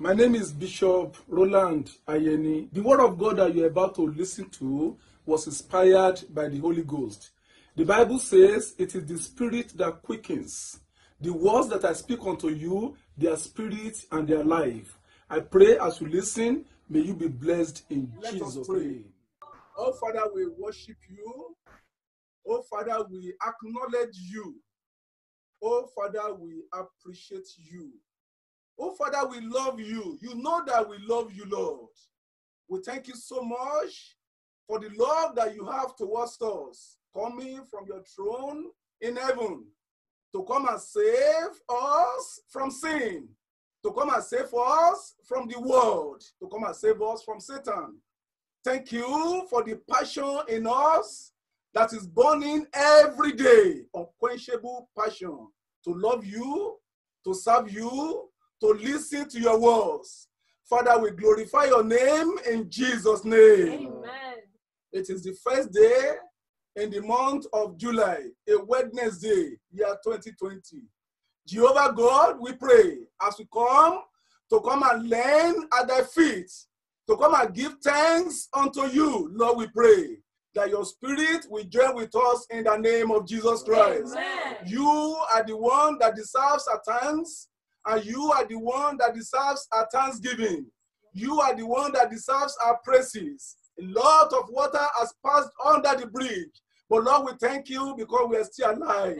My name is Bishop Roland Ayeni. The word of God that you're about to listen to was inspired by the Holy Ghost. The Bible says it is the spirit that quickens. The words that I speak unto you, they are spirit and they are life. I pray as you listen, may you be blessed in Let Jesus' name. Oh, Father, we worship you. Oh, Father, we acknowledge you. Oh, Father, we appreciate you. Oh, Father, we love you. You know that we love you, Lord. We thank you so much for the love that you have towards us, coming from your throne in heaven to come and save us from sin, to come and save us from the world, to come and save us from Satan. Thank you for the passion in us that is burning every day, unquenchable passion to love you, to serve you, to listen to your words. Father, we glorify your name in Jesus' name. Amen. It is the first day in the month of July, a Wednesday, year 2020. Jehovah God, we pray as we come to come and learn at thy feet, to come and give thanks unto you, Lord, we pray that your spirit will join with us in the name of Jesus Christ. Amen. You are the one that deserves our thanks and you are the one that deserves our thanksgiving. You are the one that deserves our praises. A lot of water has passed under the bridge. But Lord, we thank you because we are still alive.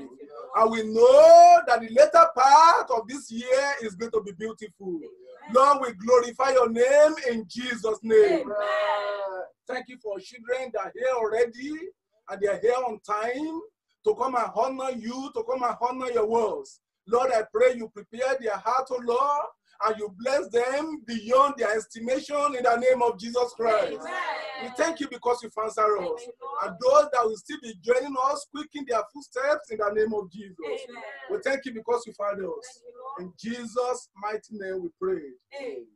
And we know that the later part of this year is going to be beautiful. Lord, we glorify your name in Jesus' name. thank you for children that are here already and they are here on time to come and honor you, to come and honor your words. Lord, I pray you prepare their heart, O Lord, and you bless them beyond their estimation in the name of Jesus Christ. Amen. We thank you because you've answered us. And those that will still be joining us, quicken their footsteps in the name of Jesus. Amen. We thank you because you found us. You, in Jesus' mighty name we pray. Amen.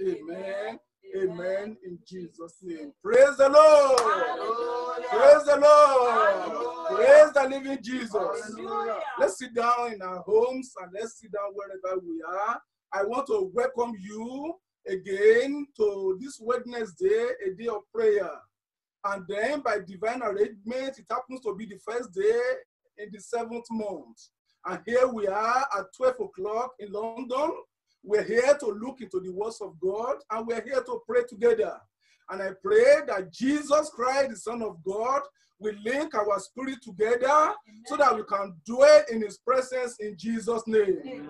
Amen. Amen. Amen. In Jesus' name. Praise the Lord. Hallelujah. Praise the Lord. Hallelujah. Praise the living Jesus. Hallelujah. Let's sit down in our homes and let's sit down wherever we are. I want to welcome you again to this Wednesday, a day of prayer. And then by divine arrangement, it happens to be the first day in the seventh month. And here we are at 12 o'clock in London, we're here to look into the words of God and we're here to pray together. And I pray that Jesus Christ, the Son of God, will link our spirit together Amen. so that we can dwell in his presence in Jesus' name. Amen.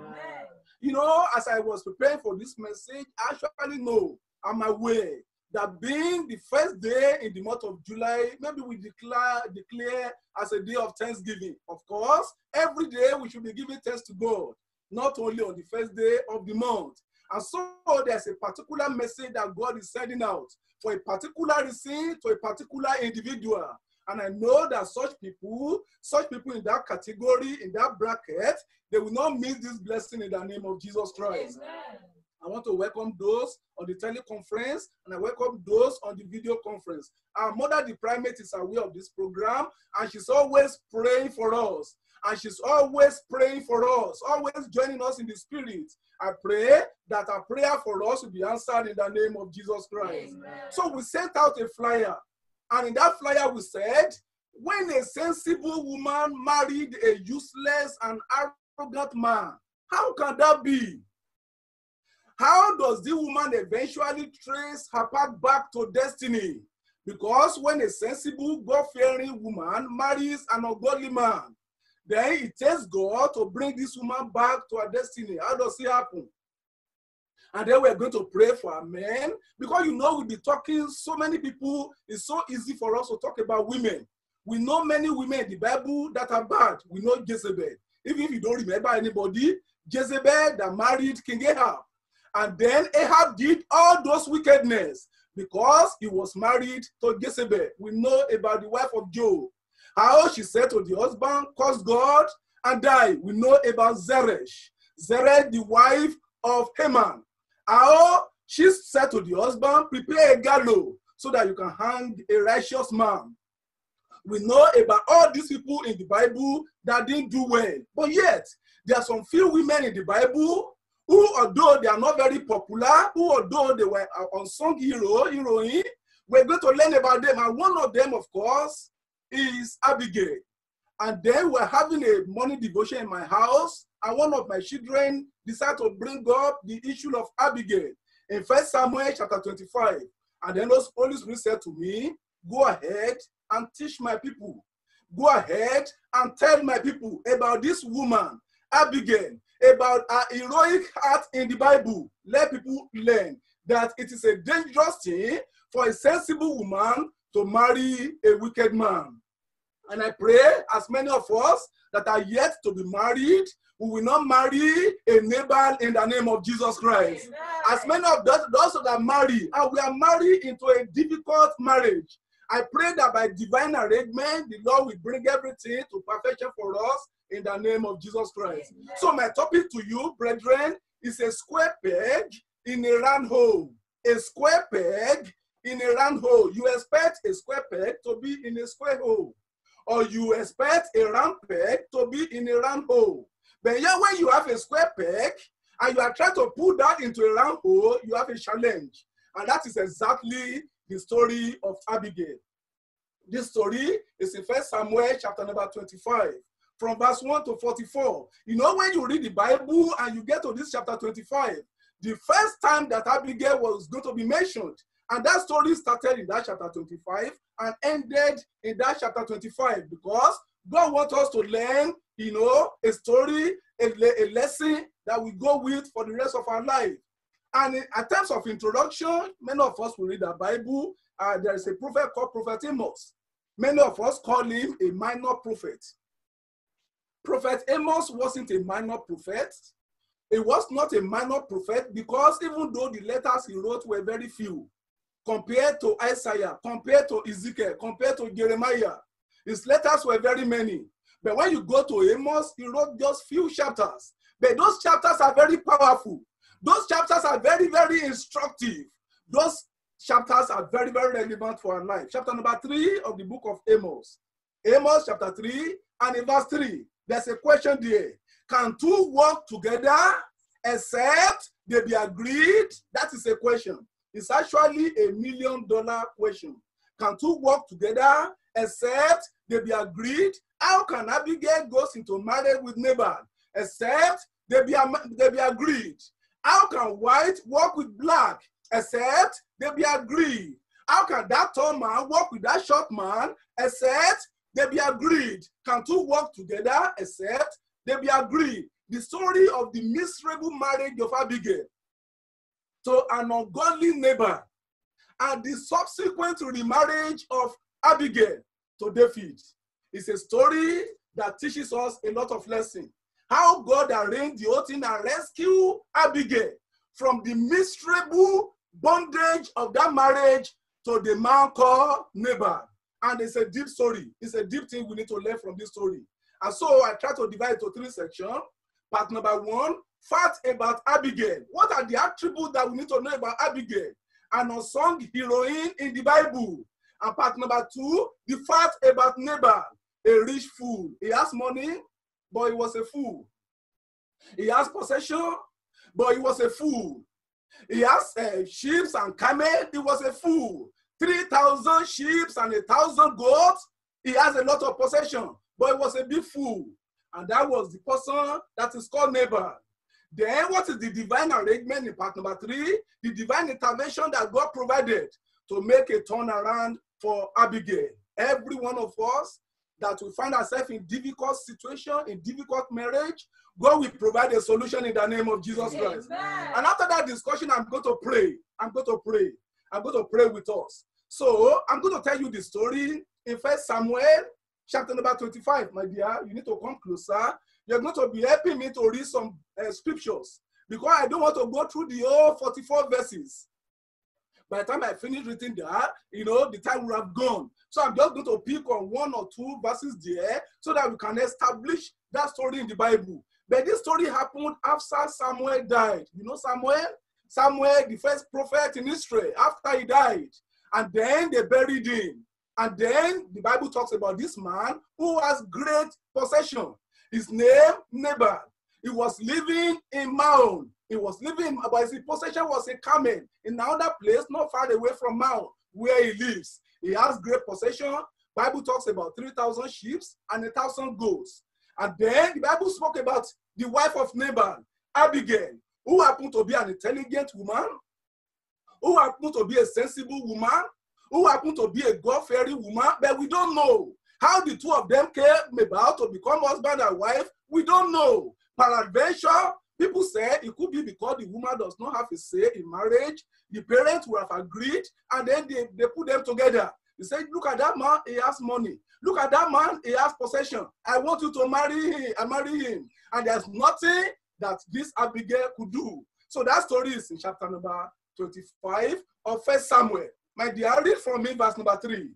You know, as I was preparing for this message, I actually know on my way that being the first day in the month of July, maybe we declare declare as a day of thanksgiving. Of course, every day we should be giving thanks to God not only on the first day of the month. And so there's a particular message that God is sending out for a particular reason for a particular individual. And I know that such people, such people in that category, in that bracket, they will not miss this blessing in the name of Jesus Christ. Amen. I want to welcome those on the teleconference and I welcome those on the video conference. Our mother, the primate, is aware of this program and she's always praying for us and she's always praying for us, always joining us in the spirit. I pray that our prayer for us will be answered in the name of Jesus Christ. Amen. So we sent out a flyer, and in that flyer we said, when a sensible woman married a useless and arrogant man, how can that be? How does the woman eventually trace her path back to destiny? Because when a sensible, God fearing woman marries an ungodly man, then it takes God to bring this woman back to her destiny. How does it happen? And then we're going to pray for our men because you know we'll be talking so many people. It's so easy for us to talk about women. We know many women in the Bible that are bad. We know Jezebel. Even if you don't remember anybody, Jezebel that married King Ahab. And then Ahab did all those wickedness because he was married to Jezebel. We know about the wife of Joe. How she said to the husband, curse God and die. We know about Zeresh. Zeresh, the wife of Haman. How she said to the husband, prepare a gallows so that you can hang a righteous man. We know about all these people in the Bible that didn't do well. But yet, there are some few women in the Bible who, although they are not very popular, who, although they were uh, unsung hero, heroine, we're going to learn about them. And one of them, of course, is Abigail. And they were having a morning devotion in my house, and one of my children decided to bring up the issue of Abigail in First Samuel chapter 25. And then the Holy Spirit said to me, Go ahead and teach my people. Go ahead and tell my people about this woman, Abigail, about her heroic act in the Bible. Let people learn that it is a dangerous thing for a sensible woman to marry a wicked man. And I pray, as many of us that are yet to be married, we will not marry a neighbor in the name of Jesus Christ. Amen. As many of those, those that marry, and we are married into a difficult marriage. I pray that by divine arrangement, the Lord will bring everything to perfection for us in the name of Jesus Christ. Amen. So, my topic to you, brethren, is a square peg in a round hole. A square peg in a round hole. You expect a square peg to be in a square hole. Or you expect a round peg to be in a round hole. But yeah, when you have a square peg and you are trying to put that into a round hole, you have a challenge. And that is exactly the story of Abigail. This story is in First Samuel chapter number 25, from verse 1 to 44. You know, when you read the Bible and you get to this chapter 25, the first time that Abigail was going to be mentioned and that story started in that chapter 25 and ended in that chapter 25 because God wants us to learn, you know, a story, a, a lesson that we go with for the rest of our life. And in, in terms of introduction, many of us will read the Bible. Uh, there is a prophet called Prophet Amos. Many of us call him a minor prophet. Prophet Amos wasn't a minor prophet. He was not a minor prophet because even though the letters he wrote were very few, compared to Isaiah, compared to Ezekiel, compared to Jeremiah. His letters were very many. But when you go to Amos, he wrote just few chapters. But those chapters are very powerful. Those chapters are very, very instructive. Those chapters are very, very relevant for our life. Chapter number three of the book of Amos. Amos chapter three and in verse three, there's a question there. Can two walk together except they be agreed? That is a question. It's actually a million dollar question. Can two work together except they be agreed? How can Abigail go into marriage with Nabal except they be, they be agreed? How can white work with black except they be agreed? How can that tall man work with that short man except they be agreed? Can two work together except they be agreed? The story of the miserable marriage of Abigail to an ungodly neighbor and the subsequent remarriage of Abigail to David is a story that teaches us a lot of lessons. How God arranged the whole thing and rescued Abigail from the miserable bondage of that marriage to the man called neighbor. And it's a deep story. It's a deep thing we need to learn from this story. And so I try to divide it to three sections. Part number one Fact about Abigail. What are the attributes that we need to know about Abigail? An unsung heroine in the Bible. And part number two, the fact about Nabal, a rich fool. He has money, but he was a fool. He has possession, but he was a fool. He has uh, eh, sheep and camel, he was a fool. 3,000 sheep and a 1,000 goats, he has a lot of possession, but he was a big fool. And that was the person that is called Nabal. Then what is the divine arrangement in part number three? The divine intervention that God provided to make a turnaround for Abigail. Every one of us that will find ourselves in difficult situation, in difficult marriage, God will provide a solution in the name of Jesus Amen. Christ. And after that discussion, I'm going to pray. I'm going to pray. I'm going to pray with us. So I'm going to tell you the story in First Samuel chapter number 25, my dear. You need to come closer. You're going to be helping me to read some uh, scriptures because I don't want to go through the whole 44 verses. By the time I finish reading that, you know, the time will have gone. So I'm just going to pick on one or two verses there so that we can establish that story in the Bible. But this story happened after Samuel died. You know Samuel? Samuel, the first prophet in Israel, after he died. And then they buried him. And then the Bible talks about this man who has great possession. His name, Nabal. He was living in Maon. He was living, but his possession was a camel in another place not far away from Maon, where he lives. He has great possession. Bible talks about 3,000 sheep and 1,000 goats. And then the Bible spoke about the wife of Nabal, Abigail, who happened to be an intelligent woman, who happened to be a sensible woman, who happened to be a God-fearing woman, but we don't know. How the two of them came about to become husband and wife, we don't know. Peradventure, people say it could be because the woman does not have a say in marriage. The parents would have agreed, and then they, they put them together. He say, Look at that man, he has money. Look at that man, he has possession. I want you to marry him. I marry him. And there's nothing that this Abigail could do. So that story is in chapter number 25 of First Samuel. My dear, read from me verse number 3.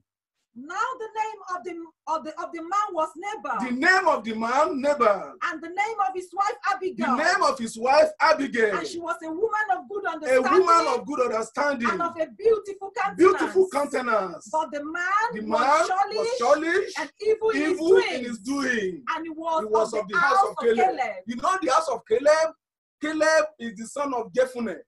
Now the name of the of the of the man was Nabal. The name of the man Nabal. And the name of his wife Abigail. The name of his wife Abigail. And she was a woman of good understanding. A woman of good understanding. And of a beautiful countenance. Beautiful countenance. But the man, the man was, churlish and evil, evil in, his in his doing. And he was, he was of, of the, the house, house of Caleb. Caleb. You know the house of Caleb. Caleb is the son of Jephunneh,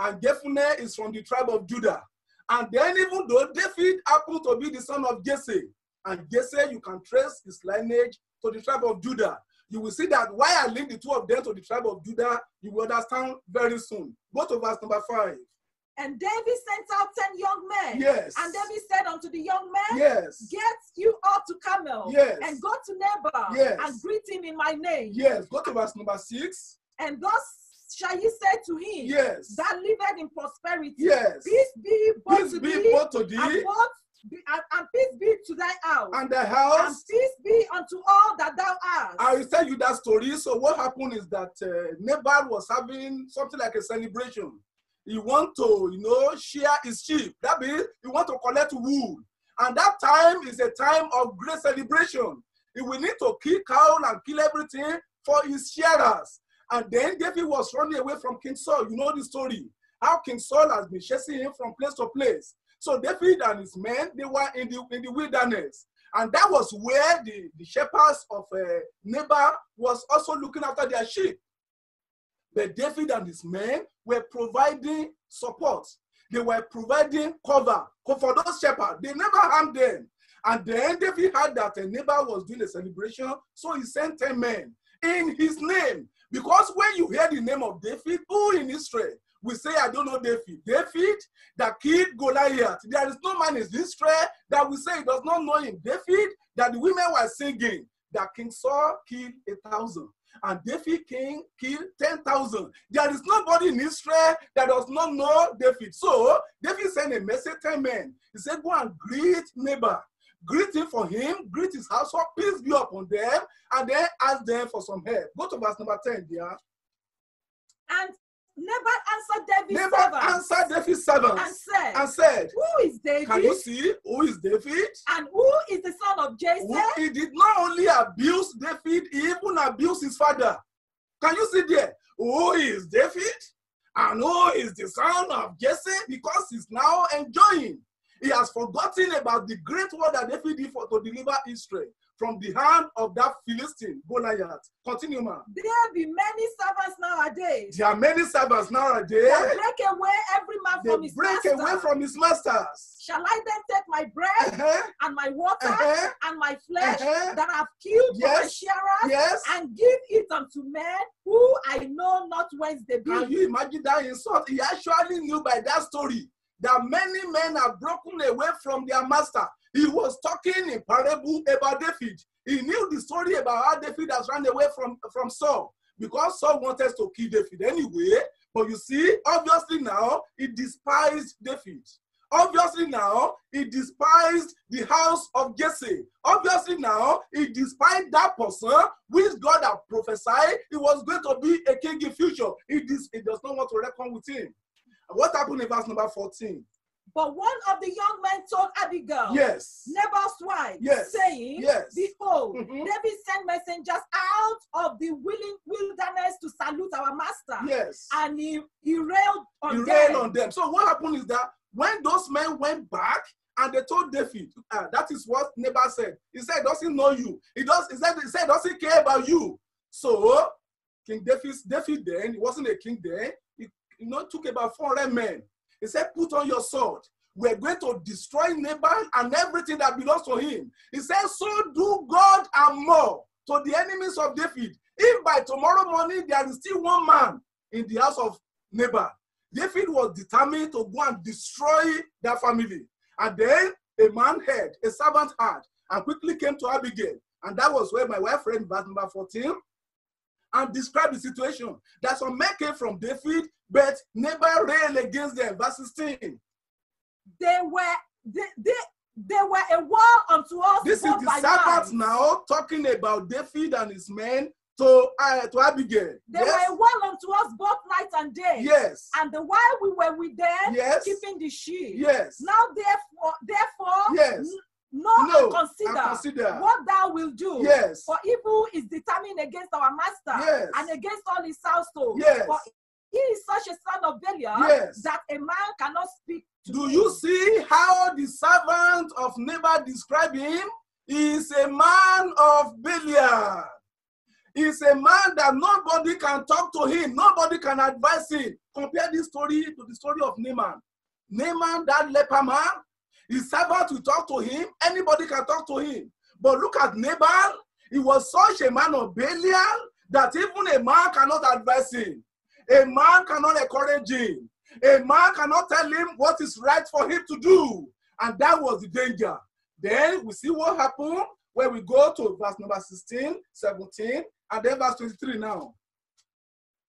and Jephunneh is from the tribe of Judah. And then even though David happened to be the son of Jesse, and Jesse, you can trace his lineage to the tribe of Judah. You will see that why I link the two of them to the tribe of Judah, you will understand very soon. Go to verse number five. And David sent out ten young men. Yes. And David said unto the young men, Yes. Get you up to Camel. Yes. And go to Nabal. Yes. And greet him in my name. Yes. Go to verse number six. And thus shall ye say to him yes. that liveth in prosperity? Yes. Peace be both peace to be thee, to thee. And, both be, and, and peace be to thy house. And the house. And peace be unto all that thou art. I will tell you that story. So what happened is that uh, was having something like a celebration. He want to, you know, share his sheep. That means he want to collect wool. And that time is a time of great celebration. He will need to kill cow and kill everything for his sharers. And then David was running away from King Saul. You know the story. How King Saul has been chasing him from place to place. So David and his men, they were in the, in the wilderness. And that was where the, the shepherds of a uh, neighbor was also looking after their sheep. But David and his men were providing support. They were providing cover for those shepherds. They never harmed them. And then David heard that a uh, neighbor was doing a celebration, so he sent 10 men in his name. Because when you hear the name of David, who in Israel we say, I don't know David? David that killed Goliath. There is no man in Israel that we say does not know him. David that the women were singing that King Saul killed a thousand and David king killed 10,000. There is nobody in Israel that does not know David. So David sent a message to men. He said, go and greet neighbor greeting for him, greet his household, peace be upon them, and then ask them for some help. Go to verse number 10, dear. And Nabal answered David's Nabal answer answered David's servants. and said, and said, Who is David? Can you see who is David? And who is the son of Jesse? He did not only abuse David, he even abused his father. Can you see there? Who is David? And who is the son of Jesse? Because he's now enjoying. He has forgotten about the great war that David did for, to deliver Israel from the hand of that Philistine, Goliath. Continue, man. There be many servants nowadays. There are many servants nowadays. They break away every man they from his break master. away from his masters. Shall I then take my bread uh -huh. and my water uh -huh. and my flesh uh -huh. that I've killed yes. for the shearers yes. and give it unto men who I know not whence they be? Can you imagine that insult? He actually knew by that story that many men have broken away from their master. He was talking in parable about David. He knew the story about how David has run away from, from Saul because Saul wanted to kill David anyway. But you see, obviously now he despised David. Obviously now he despised the house of Jesse. Obviously now he despised that person which God had prophesied he was going to be a king in future. He, dis- he does not want to reckon with him. What happened in verse number 14? But one of the young men told Abigail, yes, Nabal's wife, yes, saying, yes. Behold, mm -hmm. David sent messengers out of the willing wilderness to salute our master. Yes, and he, he railed on he them. railed on them. So what happened is that when those men went back and they told David, uh, that is what Nabal said. He said, does he know you. He does. He said, he said, does he care about you. So King David, David then, he wasn't a king then you know, took about 400 men. He said, put on your sword. We're going to destroy Nabal and everything that belongs to him. He said, so do God and more to the enemies of David. If by tomorrow morning there is still one man in the house of Nabal, David was determined to go and destroy that family. And then a man heard, a servant heard, and quickly came to Abigail. And that was where my wife read verse number 14 and describe the situation that some men came from David, but never railed against them. Verse 16. They were they, they, they were a wall unto us. This is the Sabbath now talking about David and his men to, uh, to Abigail. They yes? were wall unto us both night and day. Yes. And the while we were with them, yes. keeping the sheep. Yes. Now therefore, therefore, yes no, consider, consider, what thou will do. Yes. For evil is determined against our master yes. and against all his household. Yes. For he is such a son of Belial yes. that a man cannot speak Do him. you see how the servant of neighbor describe him? He is a man of Belial. He's a man that nobody can talk to him, nobody can advise him. Compare this story to the story of Naaman. Naaman, that leper man, his servant will talk to him. Anybody can talk to him. But look at Nabal. He was such a man of Belial that even a man cannot advise him. A man cannot encourage him. A man cannot tell him what is right for him to do. And that was the danger. Then we see what happened when we go to verse number 16, 17, and then verse 23 now.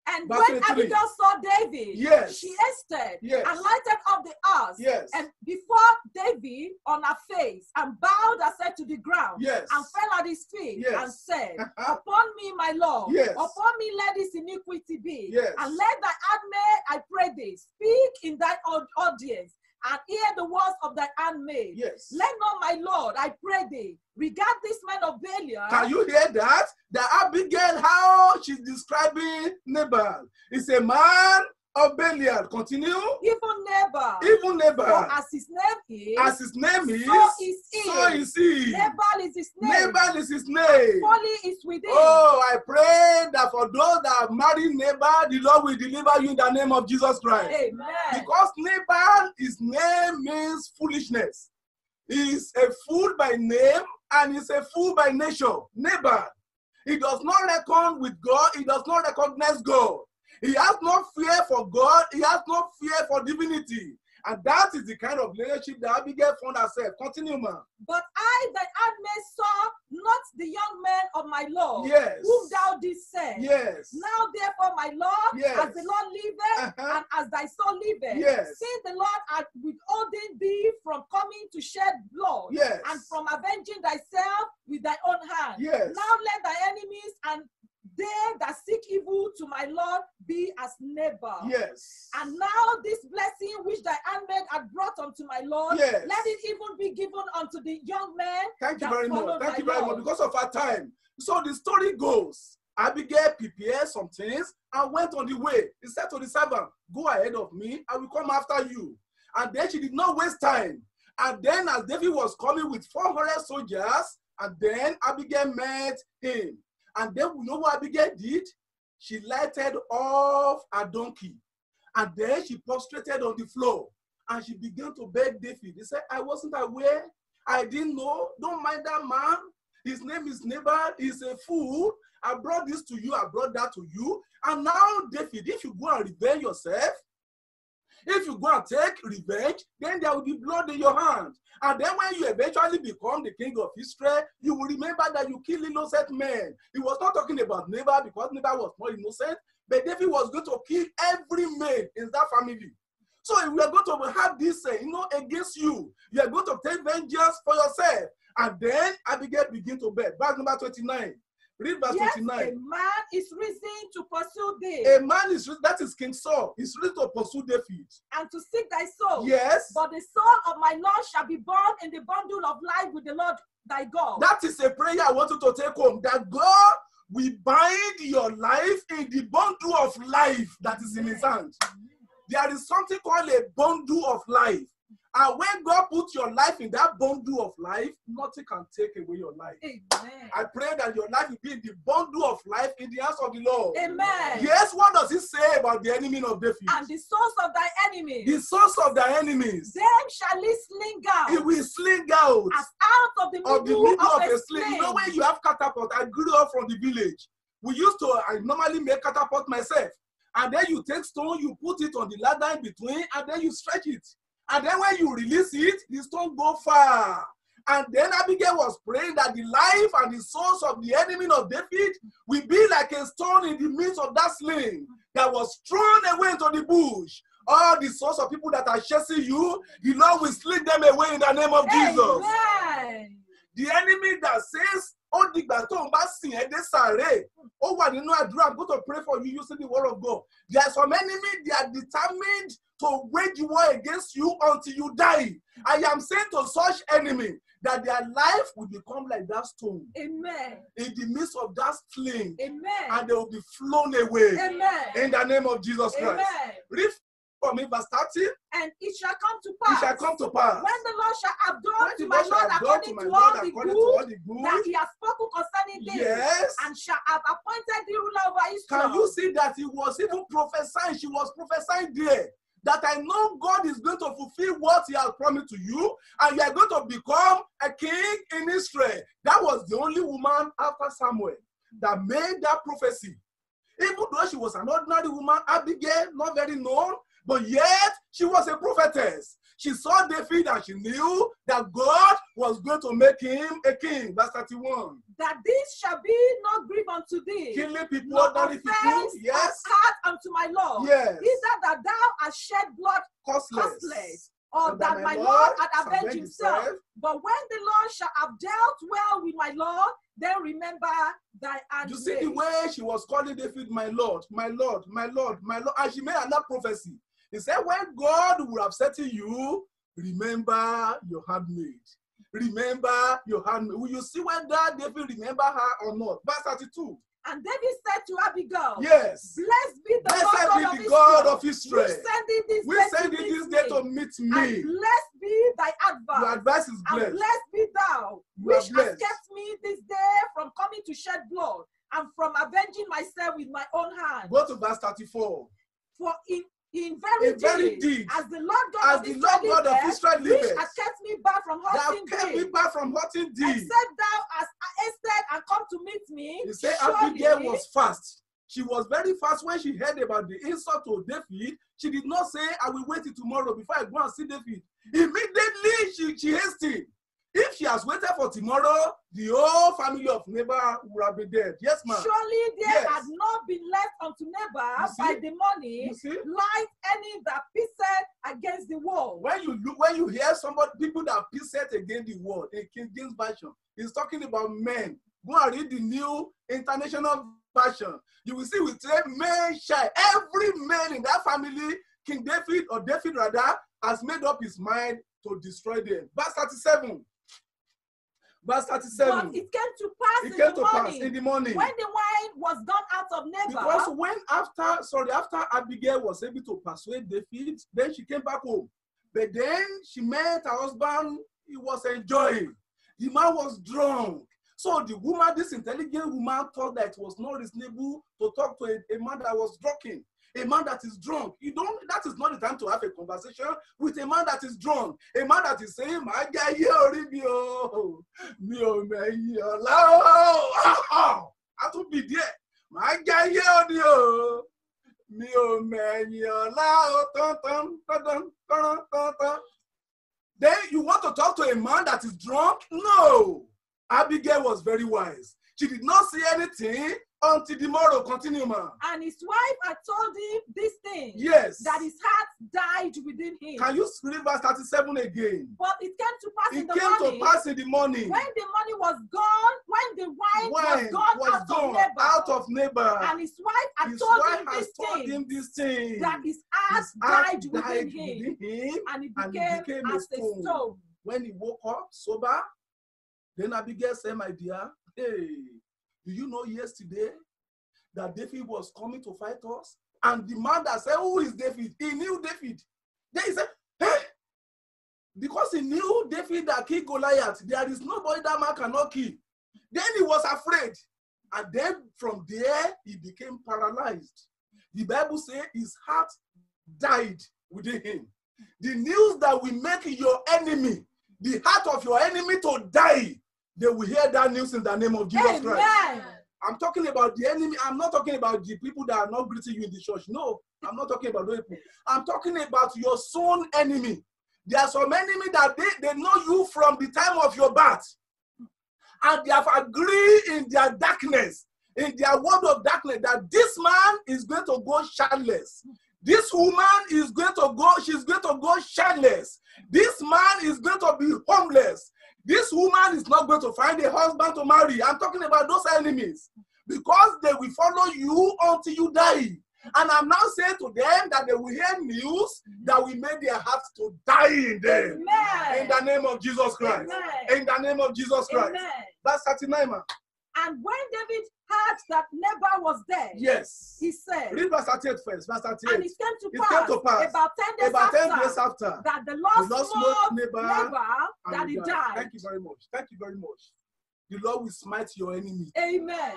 And when Abigail saw David, yes. she hasted yes. and lighted up the house. Yes. And before David on her face and bowed herself to the ground yes. and fell at his feet yes. and said, Upon me, my Lord, yes. upon me let this iniquity be. Yes. And let thy handmaid, I pray thee, speak in thy audience and hear the words of thy handmaid. Yes. Let not my Lord, I pray thee, regard this man of Belial. Can you hear that? The Abigail, how she's describing Nabal. It's a man of Belial. Continue. Even never, Even never, For as his name is. As his name is. So is he. So is he. Neighbor is his name. Neighbor is his name. Folly is within. Oh, I pray that for those that marry married the Lord will deliver you in the name of Jesus Christ. Amen. Because neighbor, his name means foolishness. He is a fool by name and he's a fool by nature. Neighbor. He does not reckon with God. He does not recognize God. He has no fear for God. He has no fear for divinity. And that is the kind of leadership that Abigail found herself. Continue, ma'am. But I, that Admir, saw not the young man of my Lord, yes. whom thou didst send. Yes. Now, therefore, my Lord, yes. as the Lord liveth, uh -huh. and as thy soul liveth, yes. since the Lord hath withholden thee from coming to shed blood, yes. and from avenging thyself with thy own hand, yes. now let thy enemies and they that seek evil to my Lord be as never. Yes. And now this blessing which thy handmaid had brought unto my Lord, yes. let it even be given unto the young man. Thank you very much. Thank you very Lord. much. Because of our time. So the story goes. Abigail prepared some things and went on the way. He said to the servant, Go ahead of me, I will come after you. And then she did not waste time. And then, as David was coming with 400 soldiers, and then Abigail met him. And then we know what Abigail did. She lighted off a donkey. And then she prostrated on the floor. And she began to beg David. He said, I wasn't aware. I didn't know. Don't mind that man. His name is Nabal. He's a fool. I brought this to you. I brought that to you. And now, David, if you go and revenge yourself, if you go and take revenge, then there will be blood in your hands. And then when you eventually become the king of Israel, you will remember that you killed innocent men. He was not talking about neighbor because neighbor was more innocent, but David was going to kill every man in that family. So if we are going to have this, uh, you know, against you, you are going to take vengeance for yourself. And then Abigail begin to bed. Verse number 29. Read verse yes, 29. A man is risen to pursue thee. A man is that is King Saul. He's risen to pursue David. And to seek thy soul. Yes. But the soul of my Lord shall be born in the bundle of life with the Lord thy God. That is a prayer I want you to take home. That God will bind your life in the bundle of life that is in his hand. There is something called a bundle of life. And when God put your life in that bundle of life, nothing can take away your life. Amen. I pray that your life will be in the bundle of life in the hands of the Lord. Amen. Yes, what does it say about the enemy of David? And the source of thy enemies. The source of thy enemies. Them shall he sling out. He will sling out. As out of the middle of, the middle of, of a sling. You know when you have catapult, I grew up from the village. We used to, I normally make catapult myself. And then you take stone, you put it on the ladder in between, and then you stretch it. And then when you release it, the stone go far. And then Abigail was praying that the life and the souls of the enemy of David will be like a stone in the midst of that sling that was thrown away into the bush. All the souls of people that are chasing you, the Lord will sling them away in the name of Amen. Jesus. The enemy that says ó dìgbà tó ń bá sìn ẹ́ dé sàárè ó wà nínú àdúrà to pray for you using the word of God there are some enemy they are determined to wage war against you until you die I am saying to such enemy that their life will become like that stone. Amen. In the midst of that sling. Amen. And they will be flown away. Amen. In the name of Jesus Christ. Amen. Read me, verse 13. And it shall come to pass. It shall come to pass. When the Lord shall have done to my Lord according, to, my Lord according good, to all the good that he has spoken concerning this. Yes. And shall have appointed the ruler over Israel. Can you see that he was even prophesying? She was prophesying there that I know God is going to fulfill what He has promised to you, and you are going to become a king in Israel. That was the only woman after Samuel that made that prophecy. Even though she was an ordinary woman, Abigail, not very known, but yet, she was a prophetess. She saw David and she knew that God was going to make him a king. Verse 31. That this shall be not grieve unto thee. Killing people, ordinary people. Yes. Heart unto my Lord. Yes. Either that thou hast shed blood costless. costless or and that my Lord, Lord had avenged himself. himself. But when the Lord shall have dealt well with my Lord, then remember thy hand. You see the way she was calling David, my Lord, my Lord, my Lord, my Lord, and she made another prophecy. He said, when God will have said to you, remember your handmaid. Remember your handmaid. Will you see whether David remember her or not? Verse 32. And David said to Abigail, Yes, blessed be the, blessed God, be the of God of Israel. We send it this day to meet me. And blessed be thy advice. Your advice is blessed. And blessed be thou, you which has kept me this day from coming to shed blood and from avenging myself with my own hand. Go to verse 34. For in in very, in very deed, as the Lord God, as of, the Lord God of Israel liveth, which has kept me back from hurting thee, kept me back from hurting thee, except thou hast hasted and come to meet me. He said, Abigail was fast. She was very fast when she heard about the insult to David. She did not say, I will wait till tomorrow before I go and see David. Immediately, she, she hastened. If she has waited for tomorrow, the whole family of neighbor would have been dead. Yes, ma'am. Surely there yes. had not been left unto neighbor by the money, like any that pissed against the wall. When you look, when you hear somebody, people that pissed against the wall, in King James Version, he's talking about men. Go and read the new international version. You will see with say men shy. Every man in that family, King David or David rather, has made up his mind to destroy them. Verse 37. Verse 37. But it came to pass, it in, came the to morning, pass in the morning. When the wine was gone out of Nabal. Because when after, sorry, after Abigail was able to persuade David, then she came back home. But then she met her husband, he was enjoying. The man was drunk. So the woman, this intelligent woman, thought that it was not reasonable to talk to a, a man that was drunken a man that is drunk. You don't, that is not the time to have a conversation with a man that is drunk. A man that is saying, My guy, you o mi o mẹ̀yìn ọ̀la o, a My guy, ni o, ọ̀la Then you want to talk to a man that is drunk? No. Abigail was very wise. She did not see anything Until tomorrow, continue, ma. And his wife had told him this thing. Yes. That his heart died within him. Can you read verse thirty-seven again? But it came to pass it in the morning. It came to pass in the morning. When the money was gone, when the wine, was gone, was out, gone of neighbor, out of neighbor. And his wife had his told, wife him, this told thing, him this thing. That his heart, his heart died, within, died him, within him. And it became, and it became as a stone. stone. When he woke up sober, then Abigail said, My dear, hey. Do you know yesterday that David was coming to fight us? And the man that said, Who is David? He knew David. Then he said, Hey! Because he knew David that killed Goliath, there is nobody that man cannot kill. Then he was afraid. And then from there, he became paralyzed. The Bible says his heart died within him. The news that will make your enemy, the heart of your enemy to die, they will hear that news in the name of Jesus Amen. Christ. I'm talking about the enemy. I'm not talking about the people that are not greeting you in the church. No, I'm not talking about those people. I'm talking about your soon enemy. There are some enemy that they, they know you from the time of your birth. And they have agreed in their darkness, in their world of darkness, that this man is going to go childless. This woman is going to go, she's going to go childless. This man is going to be homeless. This woman is not going to find a husband to marry. I'm talking about those enemies because they will follow you until you die. And I'm now saying to them that they will hear news that will make their hearts to die in them. Amen. In the name of Jesus Christ. Amen. In the name of Jesus Christ. Amen. That's 39. And when David heard that Nabal was dead, yes, he said, Read verse 38 first. Verse 38. And it came to, it pass, came to pass about 10 days, about 10 after, days after that the Lord, smote Nabal, that he died. died. Thank you very much. Thank you very much. The Lord will smite your enemy. Amen.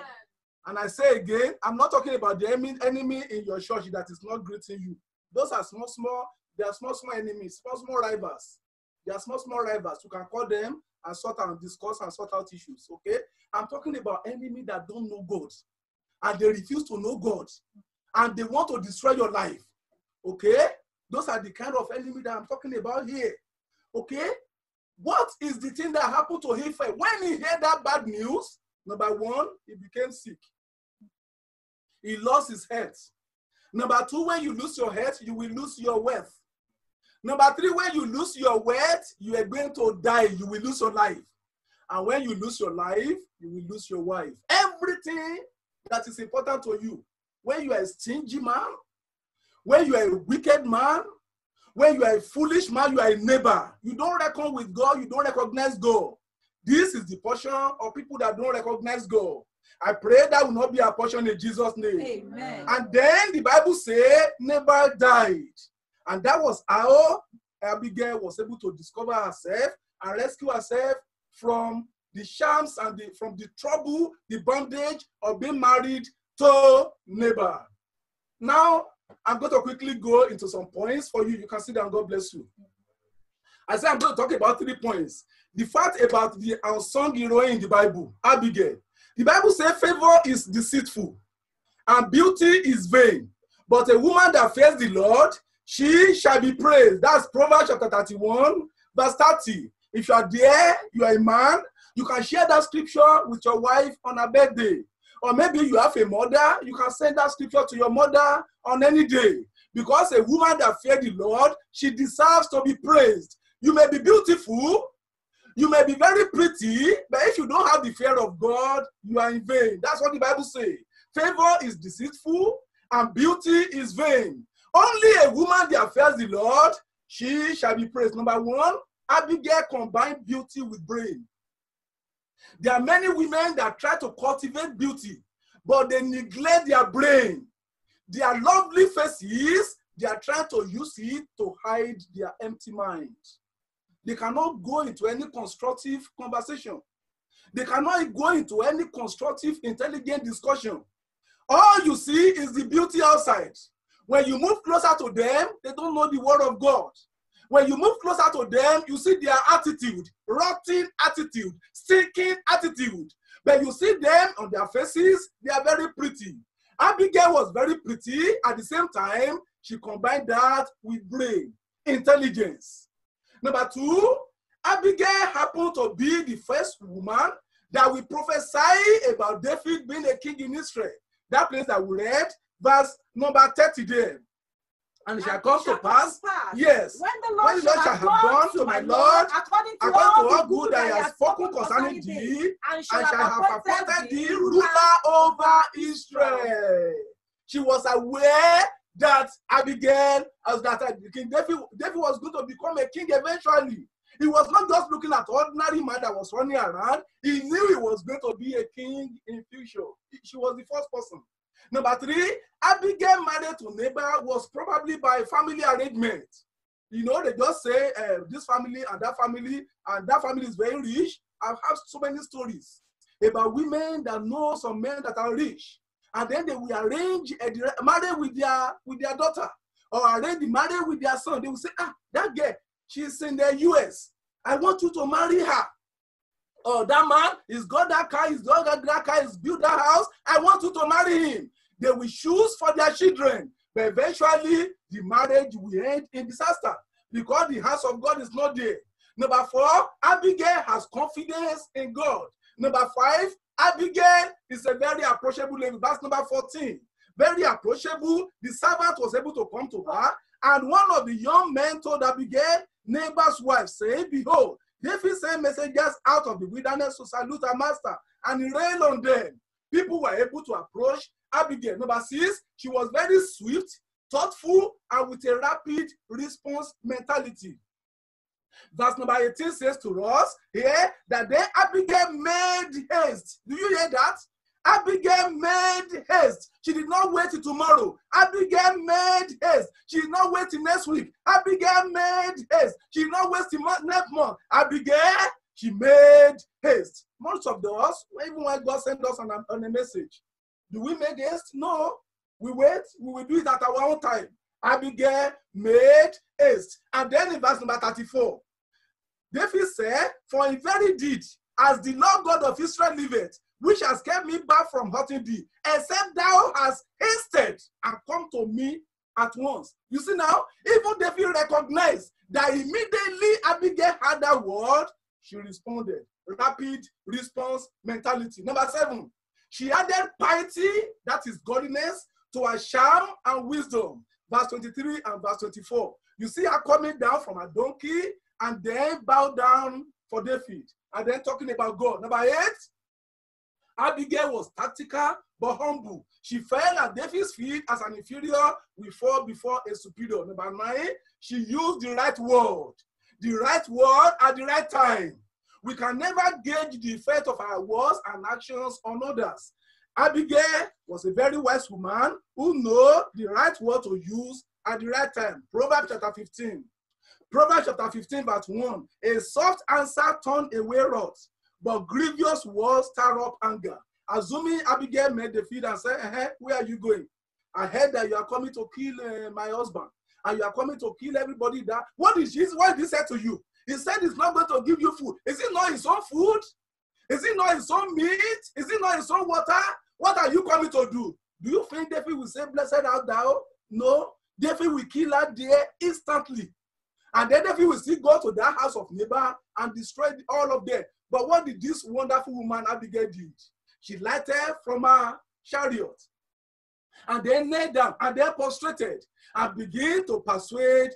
And I say again, I'm not talking about the enemy, enemy in your church that is not greeting you. Those are small, small, they are small, small enemies, small, small rivals. They are small, small rivals. You can call them and sort out and discuss and sort out issues. Okay? I'm talking about enemy that don't know God and they refuse to know God and they want to destroy your life. Okay? Those are the kind of enemy that I'm talking about here. Okay? What is the thing that happened to him? When he heard that bad news, number one, he became sick. He lost his health. Number two, when you lose your health, you will lose your wealth. Number three, when you lose your wealth, you are going to die. You will lose your life. And when you lose your life, you will lose your wife. Everything that is important to you, when you are a stingy man, when you are a wicked man, when you are a foolish man, you are a neighbor. You don't reckon with God, you don't recognize God. This is the portion of people that don't recognize God. I pray that will not be a portion in Jesus' name. Amen. And then the Bible said, neighbor died. And that was how Abigail was able to discover herself and rescue herself from the shams and the, from the trouble, the bondage of being married to neighbor. Now, I'm going to quickly go into some points for you. You can see them. God bless you. I said I'm going to talk about three points. The fact about the unsung heroine in the Bible, Abigail. The Bible says favor is deceitful and beauty is vain. But a woman that fears the Lord, she shall be praised. That's Proverbs chapter 31, verse 30. If you are there, you are a man, you can share that scripture with your wife on her birthday. Or maybe you have a mother, you can send that scripture to your mother on any day. Because a woman that feared the Lord, she deserves to be praised. You may be beautiful, you may be very pretty, but if you don't have the fear of God, you are in vain. That's what the Bible says. Favor is deceitful and beauty is vain. Only a woman that fears the Lord, she shall be praised. Number one, Abigail combined beauty with brain. There are many women that try to cultivate beauty, but they neglect their brain. Their lovely faces, they are trying to use it to hide their empty mind. They cannot go into any constructive conversation. They cannot go into any constructive, intelligent discussion. All you see is the beauty outside. When you move closer to them, they don't know the word of God. When you move closer to them, you see their attitude, rotting attitude, stinking attitude. But you see them on their faces, they are very pretty. Abigail was very pretty. At the same time, she combined that with brain, intelligence. Number two, Abigail happened to be the first woman that we prophesy about David being a king in Israel. That place that we read, verse number 30 there and it shall come to pass. pass. Yes. When the Lord, when the Lord shall have gone to my Lord, according to all, all good that he has spoken concerning thee, and shall have appointed thee ruler over Israel. She was aware that Abigail, as that King David, David was going to become a king eventually. He was not just looking at ordinary man that was running around. He knew he was going to be a king in future. She was the first person Number three, Abigail married to neighbor was probably by family arrangement. You know, they just say uh, this family and that family, and that family is very rich. I've so many stories about women that know some men that are rich, and then they will arrange a marriage with their with their daughter, or arrange the marriage with their son. They will say, ah, that girl, she's in the U.S. I want you to marry her. Oh, that man, he's got that car, he's got that, that car, he's built that house. I want you to marry him. They will choose for their children. But eventually, the marriage will end in disaster because the house of God is not there. Number four, Abigail has confidence in God. Number five, Abigail is a very approachable lady. That's number 14. Very approachable. The servant was able to come to her. And one of the young men told Abigail, neighbor's wife, say, Behold, David sent messengers out of the wilderness to salute her master and he rained on them. People were able to approach Abigail. Number six, she was very swift, thoughtful, and with a rapid response mentality. Verse number 18 says to us here that then Abigail made haste. Do you hear that? Abigail made haste. She did not wait till tomorrow. Abigail made haste. She did not wait till next week. Abigail made haste. She did not wait till next month. Abigail, she made haste. Most of us, even when God sent us on a, on a message, do we make haste? No. We wait. We will do it at our own time. Abigail made haste. And then in verse number 34, David said, For in very deed, as the Lord God of Israel liveth, which has kept me back from hurting thee, except thou hast hasted and come to me at once. You see now, even David recognized that immediately Abigail had that word, she responded. Rapid response mentality. Number seven, she added piety, that is godliness, to her charm and wisdom. Verse 23 and verse 24. You see her coming down from a donkey and then bow down for David. And then talking about God. Number eight, Abigail was tactical but humble. She fell at David's feet as an inferior. We fall before a superior. Number nine, she used the right word, the right word at the right time. We can never gauge the effect of our words and actions on others. Abigail was a very wise woman who knew the right word to use at the right time. Proverbs chapter 15. Proverbs chapter 15, verse 1. A soft answer turned away wrath, but grievous words stir up anger. Assuming Abigail met the field and said, hey, where are you going? I heard that you are coming to kill uh, my husband and you are coming to kill everybody that, what is Jesus, what did he say to you? He said he's not going to give you food. Is it not his own food? Is it not his own meat? Is it not his own water? What are you coming to do? Do you think David will say, blessed art thou? No. David will kill her there instantly. And the enemy will still go to that house of neighbor and destroy all of them. But what did this wonderful woman Abigail did? She lighted from her chariot and then knelt down and then prostrated and began to persuade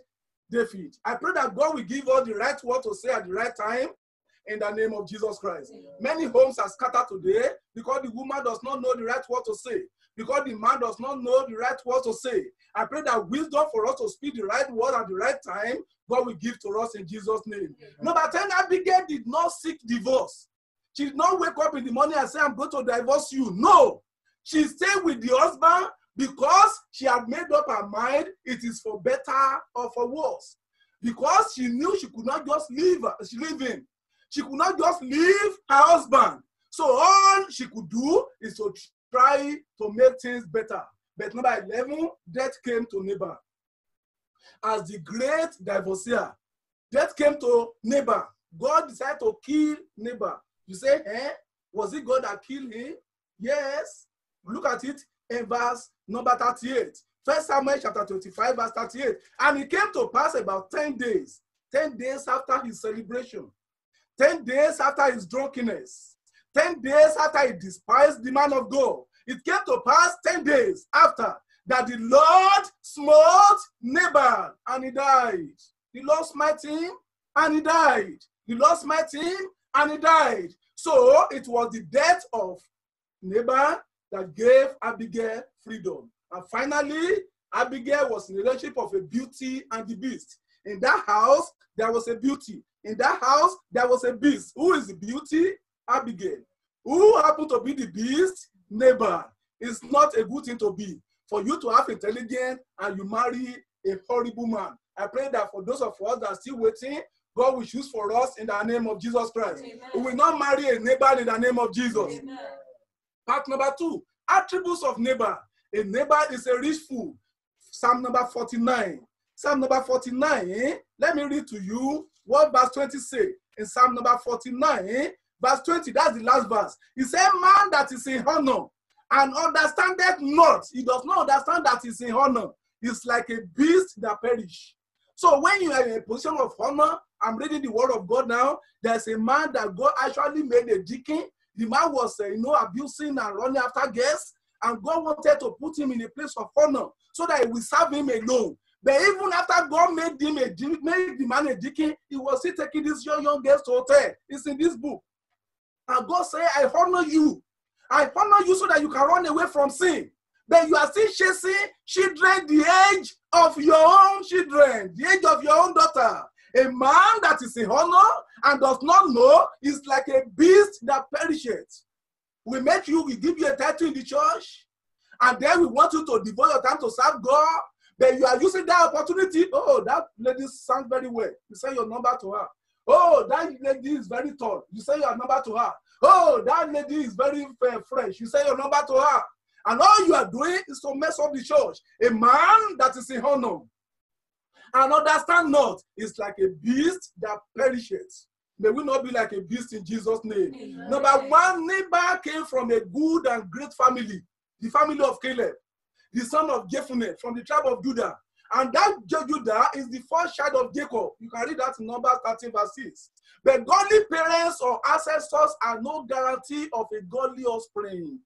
David. I pray that God will give us the right word to say at the right time in the name of Jesus Christ. Amen. Many homes are scattered today because the woman does not know the right word to say, because the man does not know the right word to say, I pray that wisdom for us to speak the right word at the right time, God will give to us in Jesus' name. Number 10, Abigail did not seek divorce. She did not wake up in the morning and say, I'm going to divorce you. No. She stayed with the husband because she had made up her mind it is for better or for worse. Because she knew she could not just leave, she leave him. She could not just leave her husband. So all she could do is to try to make things better. But number 11, death came to neighbor. As the great divorcer, death came to neighbor. God decided to kill neighbor. You say, eh? Was it God that killed him? Yes. Look at it in verse number 38. First Samuel chapter 25, verse 38. And it came to pass about 10 days, 10 days after his celebration, 10 days after his drunkenness, 10 days after he despised the man of God, It came to pass 10 days after that the Lord smote Nabal and he died. The Lord smote him and he died. The Lord smote him and he died. So it was the death of Nabal that gave Abigail freedom. And finally, Abigail was in the relationship of a beauty and the beast. In that house, there was a beauty. In that house, there was a beast. Who is the beauty? Abigail. Who happened to be the beast? neighbor. It's not a good thing to be. For you to have intelligence and you marry a horrible man. I pray that for those of us that are still waiting, God will choose for us in the name of Jesus Christ. Amen. We will not marry a neighbor in the name of Jesus. Amen. Part number two, attributes of neighbor. A neighbor is a rich fool. Psalm number 49. Psalm number 49, eh? let me read to you what verse 20 say. In Psalm number 49, eh? verse 20, that's the last verse. He said, Man that is in honor and understandeth not, he does not understand that he's in honor, is like a beast that perish. So when you are in a position of honor, I'm reading the word of God now, there's a man that God actually made a deacon. The man was, uh, you know, abusing and running after guests, and God wanted to put him in a place of honor so that he will serve him alone. But even after God made him a made the man a deacon, he was still taking this young young guest to hotel. It's in this book. And God said, I honor you. I honor you so that you can run away from sin. But you are still chasing children the age of your own children, the age of your own daughter. A man that is in honor and does not know is like a beast that perishes. We make you, we give you a title in the church, and then we want you to devote your time to serve God. But you are using that opportunity. Oh, that lady sang very well. You send your number to her. Oh, that lady is very tall. You say your number to her. Oh, that lady is very uh, fresh. You say your number to her. And all you are doing is to mess up the church. A man that is in honor and understand not is like a beast that perishes. May we not be like a beast in Jesus' name. Amen. Number one, neighbor came from a good and great family, the family of Caleb, the son of Jephunneh from the tribe of Judah. And that Judah is the first child of Jacob. You can read that in Numbers 13, verse 6. But godly parents or ancestors are no guarantee of a godly offspring.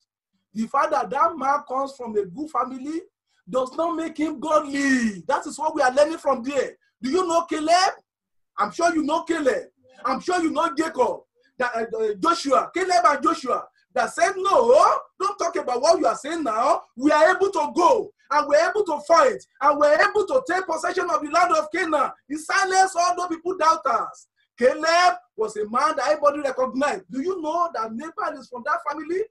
The fact that that man comes from a good family does not make him godly. That is what we are learning from there. Do you know Caleb? I'm sure you know Caleb. I'm sure you know Jacob, that, uh, uh Joshua, Caleb and Joshua that said, No, oh, don't talk about what you are saying now. We are able to go and we're able to fight and we're able to take possession of the land of Canaan. He silenced all those people us. Caleb was a man that everybody recognized. Do you know that Nabal is from that family?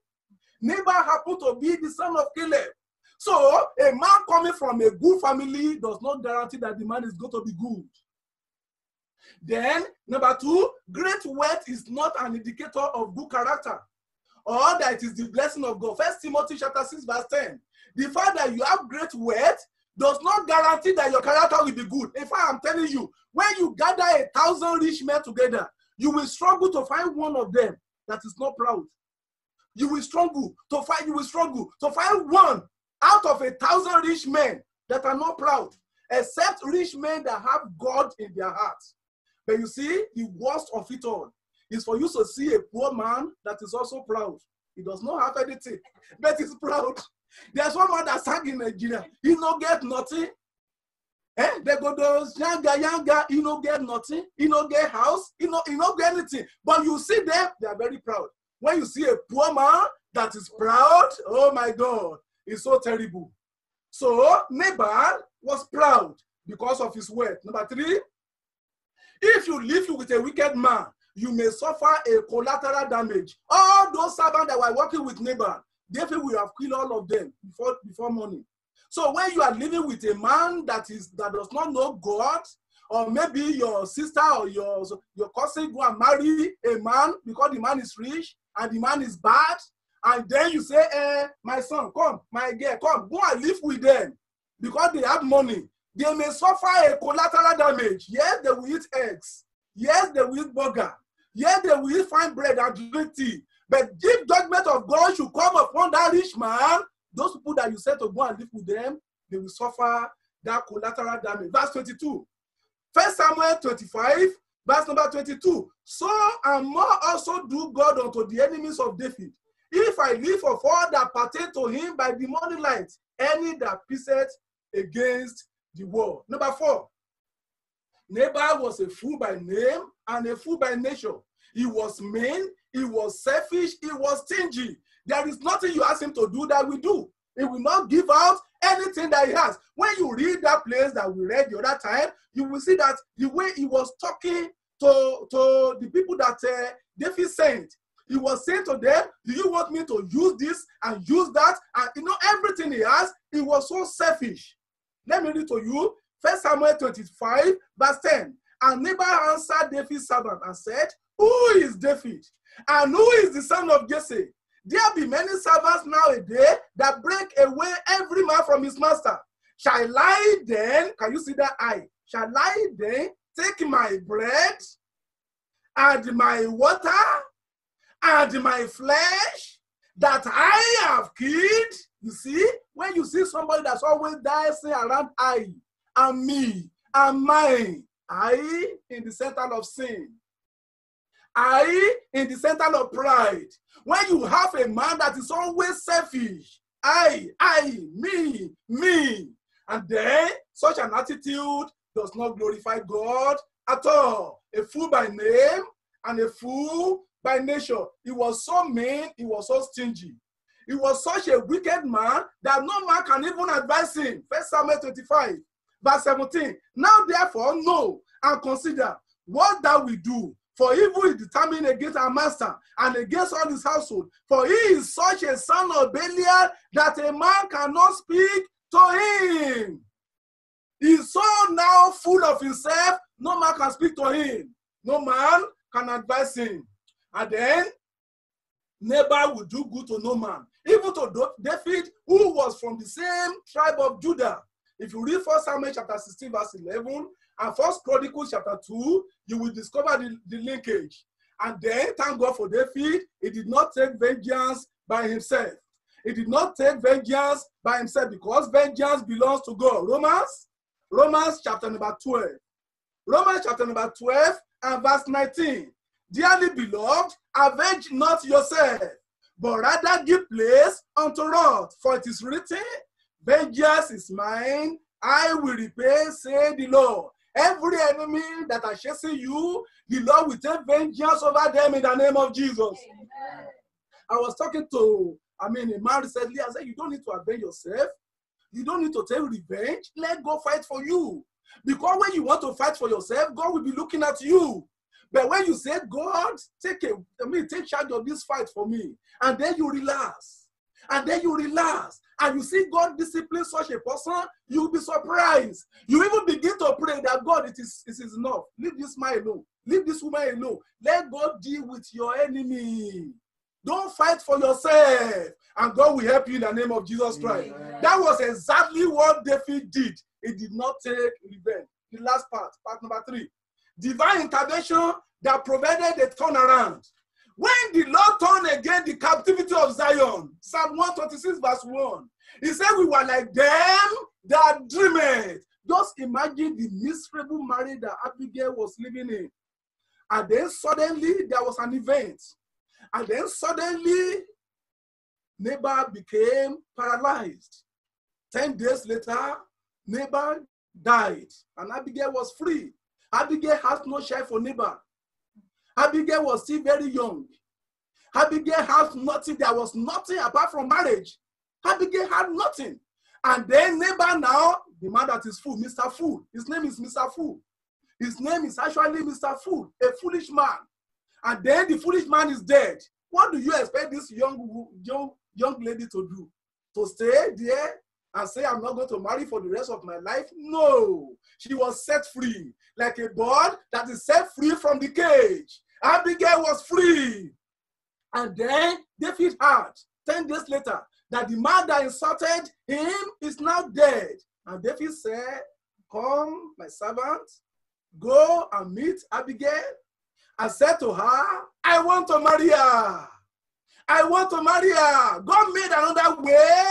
Nabal happened to be the son of Caleb. So a man coming from a good family does not guarantee that the man is going to be good. Then, number two, great wealth is not an indicator of good character all that is the blessing of God. First Timothy chapter 6, verse 10. The fact that you have great wealth does not guarantee that your character will be good. In fact, I'm telling you, when you gather a thousand rich men together, you will struggle to find one of them that is not proud. You will struggle to find you will struggle to find one out of a thousand rich men that are not proud, except rich men that have God in their hearts. But you see, the worst of it all is for you to see a poor man that is also proud. He does not have anything, but he's proud. There's one man that sang in Nigeria. He no get nothing. Eh? They go those younger, younger, he no get nothing. He no get house. He no, he no get anything. But you see them, they are very proud. When you see a poor man that is proud, oh my God, it's so terrible. So Nabal was proud because of his wealth. Number three, if you live with a wicked man, you may suffer a collateral damage. All those servants that were working with neighbour, therefore will have killed all of them before, before morning. So when you are living with a man that is that does not know God, or maybe your sister or your, your cousin go and marry a man because the man is rich and the man is bad, and then you say, eh, my son, come, my girl, come, go and live with them because they have money. They may suffer a collateral damage. Yes, they will eat eggs. Yes, they will eat burger. Yet they will find bread and drink tea. But if judgment of God should come upon that rich man, those people that you said to go and live with them, they will suffer that collateral damage. Verse 22. First Samuel 25, verse number 22. So and more also do God unto the enemies of David. If I live of all that pertain to him by the morning light, any that pisseth against the wall. Number four, Nabal was a fool by name and a fool by nature. He was mean, he was selfish, he was stingy. There is nothing you ask him to do that we do. He will not give out anything that he has. When you read that place that we read the other time, you will see that the way he was talking to, to the people that uh, David sent, he was saying to them, Do you want me to use this and use that? And you know, everything he has, he was so selfish. Let me read to you First Samuel 25, verse 10. And Nabal answered David's servant and said, Who is David? And who is the son of Jesse? There be many servants nowadays that break away every man from his master. Shall I then, can you see that I? Shall I then take my bread and my water and my flesh that I have killed? You see, when you see somebody that's always dancing around I." and me and mine. I in the center of sin. I in the center of pride. When you have a man that is always selfish, I, I, me, me, and then such an attitude does not glorify God at all. A fool by name and a fool by nature. He was so mean, he was so stingy. He was such a wicked man that no man can even advise him. First Samuel 25. verse 17. Now therefore know and consider what that we do. For evil is determined against our master and against all his household. For he is such a son of Belial that a man cannot speak to him. He's so now full of himself, no man can speak to him. No man can advise him. And then, neighbor will do good to no man. Even to David, who was from the same tribe of Judah. If you read First Samuel chapter 16, verse 11, and First Chronicles chapter 2, you will discover the, the linkage. And then, thank God for David, he did not take vengeance by himself. He did not take vengeance by himself because vengeance belongs to God. Romans, Romans chapter number 12. Romans chapter number 12 and verse 19. Dearly beloved, avenge not yourself, but rather give place unto wrath, for it is written, Vengeance is mine. I will repay, say the Lord. Every enemy that are chasing you, the Lord will take vengeance over them in the name of Jesus. Amen. I was talking to, I mean, a man recently. I said, You don't need to avenge yourself. You don't need to take revenge. Let God fight for you. Because when you want to fight for yourself, God will be looking at you. But when you say, God, take a, I mean, take charge of this fight for me, and then you relax and then you relax and you see God discipline such a person, you'll be surprised. You even begin to pray that God, it is, it is enough. Leave this man alone. Leave this woman alone. Let God deal with your enemy. Don't fight for yourself. And God will help you in the name of Jesus Christ. Amen. That was exactly what David did. He did not take revenge. The last part, part number three. Divine intervention that provided a turnaround. When the Lord turned again the captivity of Zion, Psalm 136, verse 1, he said, We were like them that dreamed. Just imagine the miserable marriage that Abigail was living in. And then suddenly there was an event. And then suddenly neighbor became paralyzed. Ten days later, neighbor died. And Abigail was free. Abigail has no share for neighbor. Abigail was still very young. Abigail had nothing. There was nothing apart from marriage. Abigail had nothing. And then neighbor now, the man that is fool, Mr. Fool. His name is Mr. Fool. His name is actually Mr. Fool, a foolish man. And then the foolish man is dead. What do you expect this young young young lady to do? To stay there and say, I'm not going to marry for the rest of my life? No. She was set free, like a bird that is set free from the cage. Abigail was free. And then David heard 10 days later that the man that insulted him is now dead. And David said, Come, my servant, go and meet Abigail. I said to her, I want to marry her. I want to marry her. God made another way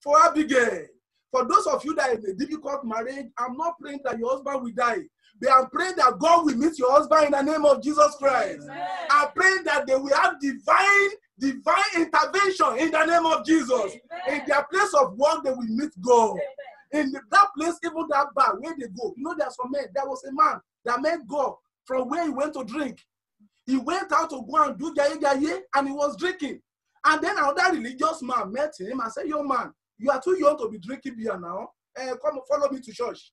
for Abigail. For those of you that in a difficult marriage, I'm not praying that your husband will die. They are praying that God will meet your husband in the name of Jesus Christ. Amen. i pray that they will have divine, divine intervention in the name of Jesus. Amen. In their place of work, they will meet God. Amen. In the, that place, even that bar where they go, you know, there's some men. There was a man that met God from where he went to drink. He went out to go and do jaye jaye, and he was drinking. And then another religious man met him and said, "Yo, man, you are too young to be drinking beer now. Uh, come follow me to church."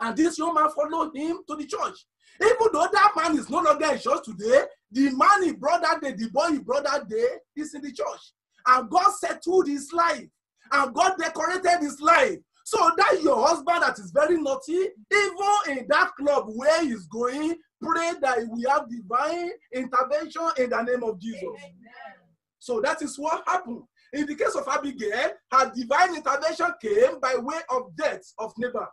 And this young man followed him to the church. Even though that man is no longer in church today, the man he brought that day, the boy he brought that day, is in the church. And God settled his life. And God decorated his life. So that your husband that is very naughty, even in that club where he's going, pray that we have divine intervention in the name of Jesus. Amen. So that is what happened. In the case of Abigail, her divine intervention came by way of death of neighbor.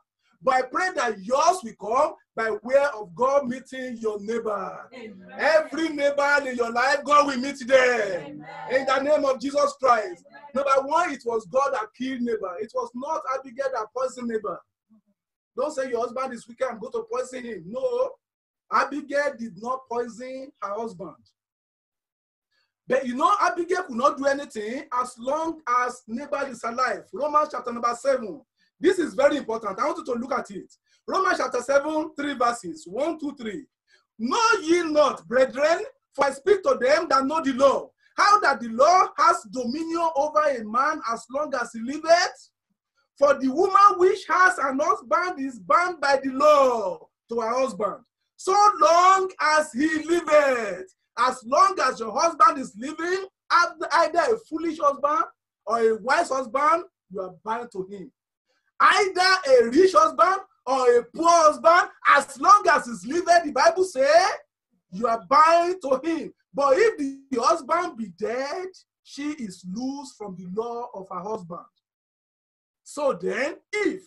But I pray that yours will come by way of God meeting your neighbor. Amen. Every neighbor in your life, God will meet them. Amen. In the name of Jesus Christ. Amen. Number one, it was God that killed neighbor. It was not Abigail that poisoned neighbor. Don't say your husband is wicked and go to poison him. No, Abigail did not poison her husband. But you know, Abigail could not do anything as long as neighbor is alive. Romans chapter number 7. This is very important. I want you to look at it. Romans chapter 7, 3 verses 1, 2, 3. Know ye not, brethren, for I speak to them that know the law, how that the law has dominion over a man as long as he liveth. For the woman which has an husband is bound by the law to her husband, so long as he liveth. As long as your husband is living, either a foolish husband or a wise husband, you are bound to him. either a rich husband or a poor husband, as long as he's living, the Bible says you are bound to him. But if the husband be dead, she is loose from the law of her husband. So then, if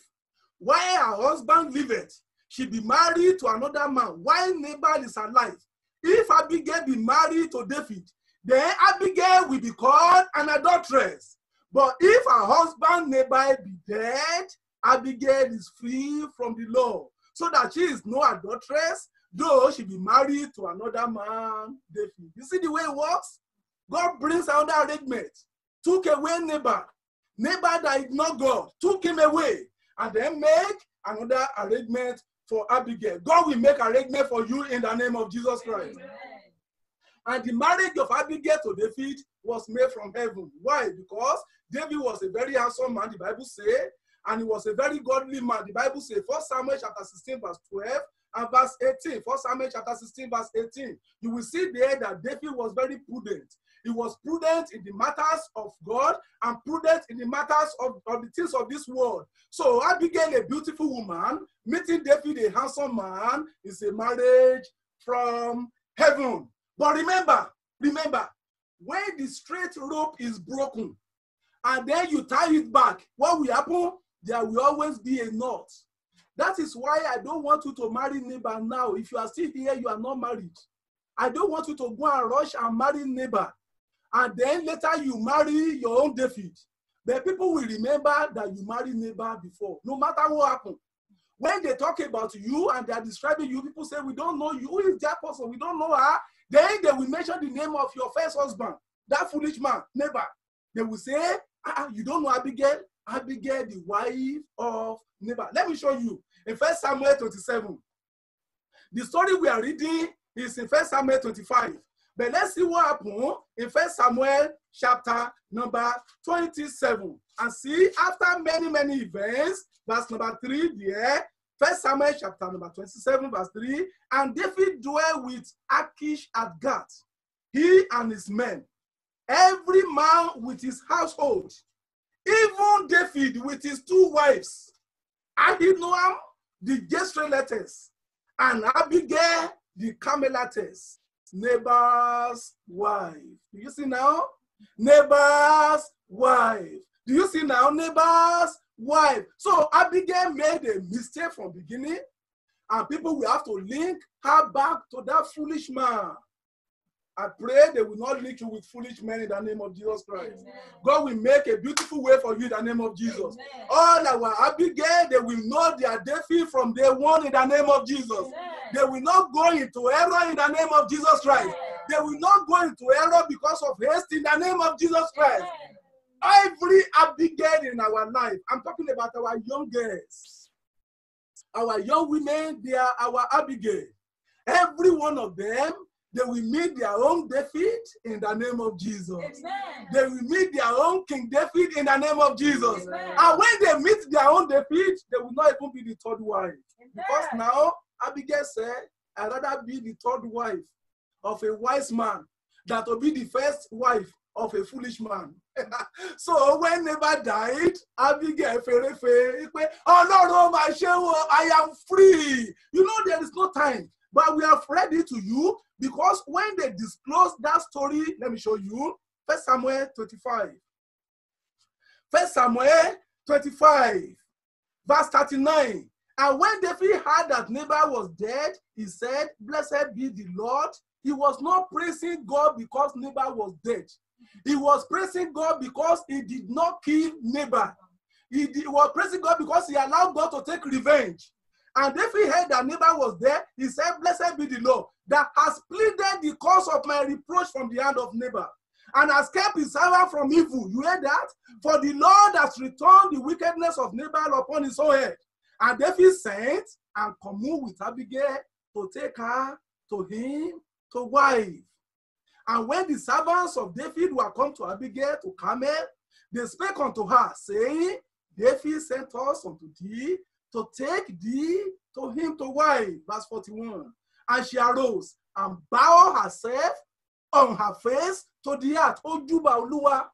while her husband liveth, she be married to another man, while Nabal is alive, if Abigail be married to David, then Abigail will be called an adulteress. But if her husband Nabal be dead, Abigail is free from the law, so that she is no adulteress, though she be married to another man, David. You see the way it works? God brings another arrangement, took away Nabal. Nabal that ignored God, took him away, and then make another arrangement for Abigail. God will make arrangement for you in the name of Jesus Christ. Amen. And the marriage of Abigail to David was made from heaven. Why? Because David was a very handsome man, the Bible says, and he was a very godly man. The Bible says, 1 Samuel chapter 16, verse 12 and verse 18. 1 Samuel chapter 16, verse 18. You will see there that David was very prudent. He was prudent in the matters of God and prudent in the matters of, of the things of this world. So Abigail, a beautiful woman, meeting David, a handsome man, is a marriage from heaven. But remember, remember, when the straight rope is broken and then you tie it back, what will happen? There will always be a knot. That is why I don't want you to marry neighbor now. If you are still here, you are not married. I don't want you to go and rush and marry neighbor. And then later you marry your own David. The people will remember that you married neighbor before, no matter what happened. When they talk about you and they are describing you, people say, We don't know you. Who is that person? We don't know her. Then they will mention the name of your first husband, that foolish man, neighbor. They will say, ah, ah you don't know Abigail? Abigail, the wife of neighbor. Let me show you. In 1 Samuel 27, the story we are reading is in 1 Samuel 25. But let's see what happened in 1 Samuel chapter number 27. And see, after many, many events, verse number 3 there, First Samuel chapter number 27, verse 3. And David dwelt with Achish at Gath, he and his men, every man with his household, even David with his two wives, Ahinoam the Jezreelites, and Abigail the Carmelites, neighbor's wife. Do you see now? Neighbor's wife. Do you see now? Neighbor's wife. So Abigail made a mistake from beginning, and people will have to link her back to that foolish man. I pray they will not link you with foolish men in the name of Jesus Christ. Amen. God will make a beautiful way for you in the name of Jesus. Amen. All our Abigail, they will know their defeat from day one in the name of Jesus. Amen. They will not go into error in the name of Jesus Christ. They will not go into error because of haste in the name of Jesus Christ. Every Abigail in our life, I'm talking about our young girls, our young women, they are our Abigail. Every one of them, they will meet their own defeat in the name of Jesus. Amen. They will meet their own King defeat in the name of Jesus. Amen. And when they meet their own defeat, they will not even be the third wife. Amen. Because now, Abigail said, I'd rather be the third wife of a wise man than to be the first wife of a foolish man. so when never died abigail ferefe pé ọlọ́run máa ṣe wọ i am free you know there is no time but we are ready to you because when they disclose that story let me show you first samuel twenty-five first samuel twenty-five verse thirty-nine and when david heard that Nabal was dead he said blessed be the lord he was not praising god because Nabal was dead He was praising God because he did not kill neighbor. He, did, was praising God because he allowed God to take revenge. And if he heard that neighbor was there, he said, Blessed be the Lord that has pleaded the cause of my reproach from the hand of neighbor and has kept his servant from evil. You hear that? For the Lord has returned the wickedness of Nabal upon his own head. And David sent and communed with Abigail to take her to him to wife. And when the servants of David were come to Abigail to Carmel, they spake unto her, saying, David sent us unto thee to take thee to him to wife. Verse 41. And she arose and bowed herself on her face to the earth. O Juba, Olúwa.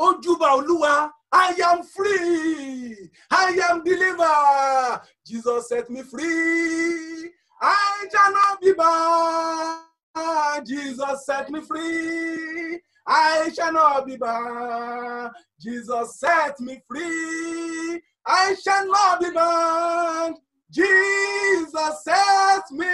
Ó júbà Olúwa. I am free. I am delivered. Jesus set me free. I shall not be bound. Ah, Jesus set me free. I shall not be bound. Jesus set me free. I shall not be bound. Jesus set me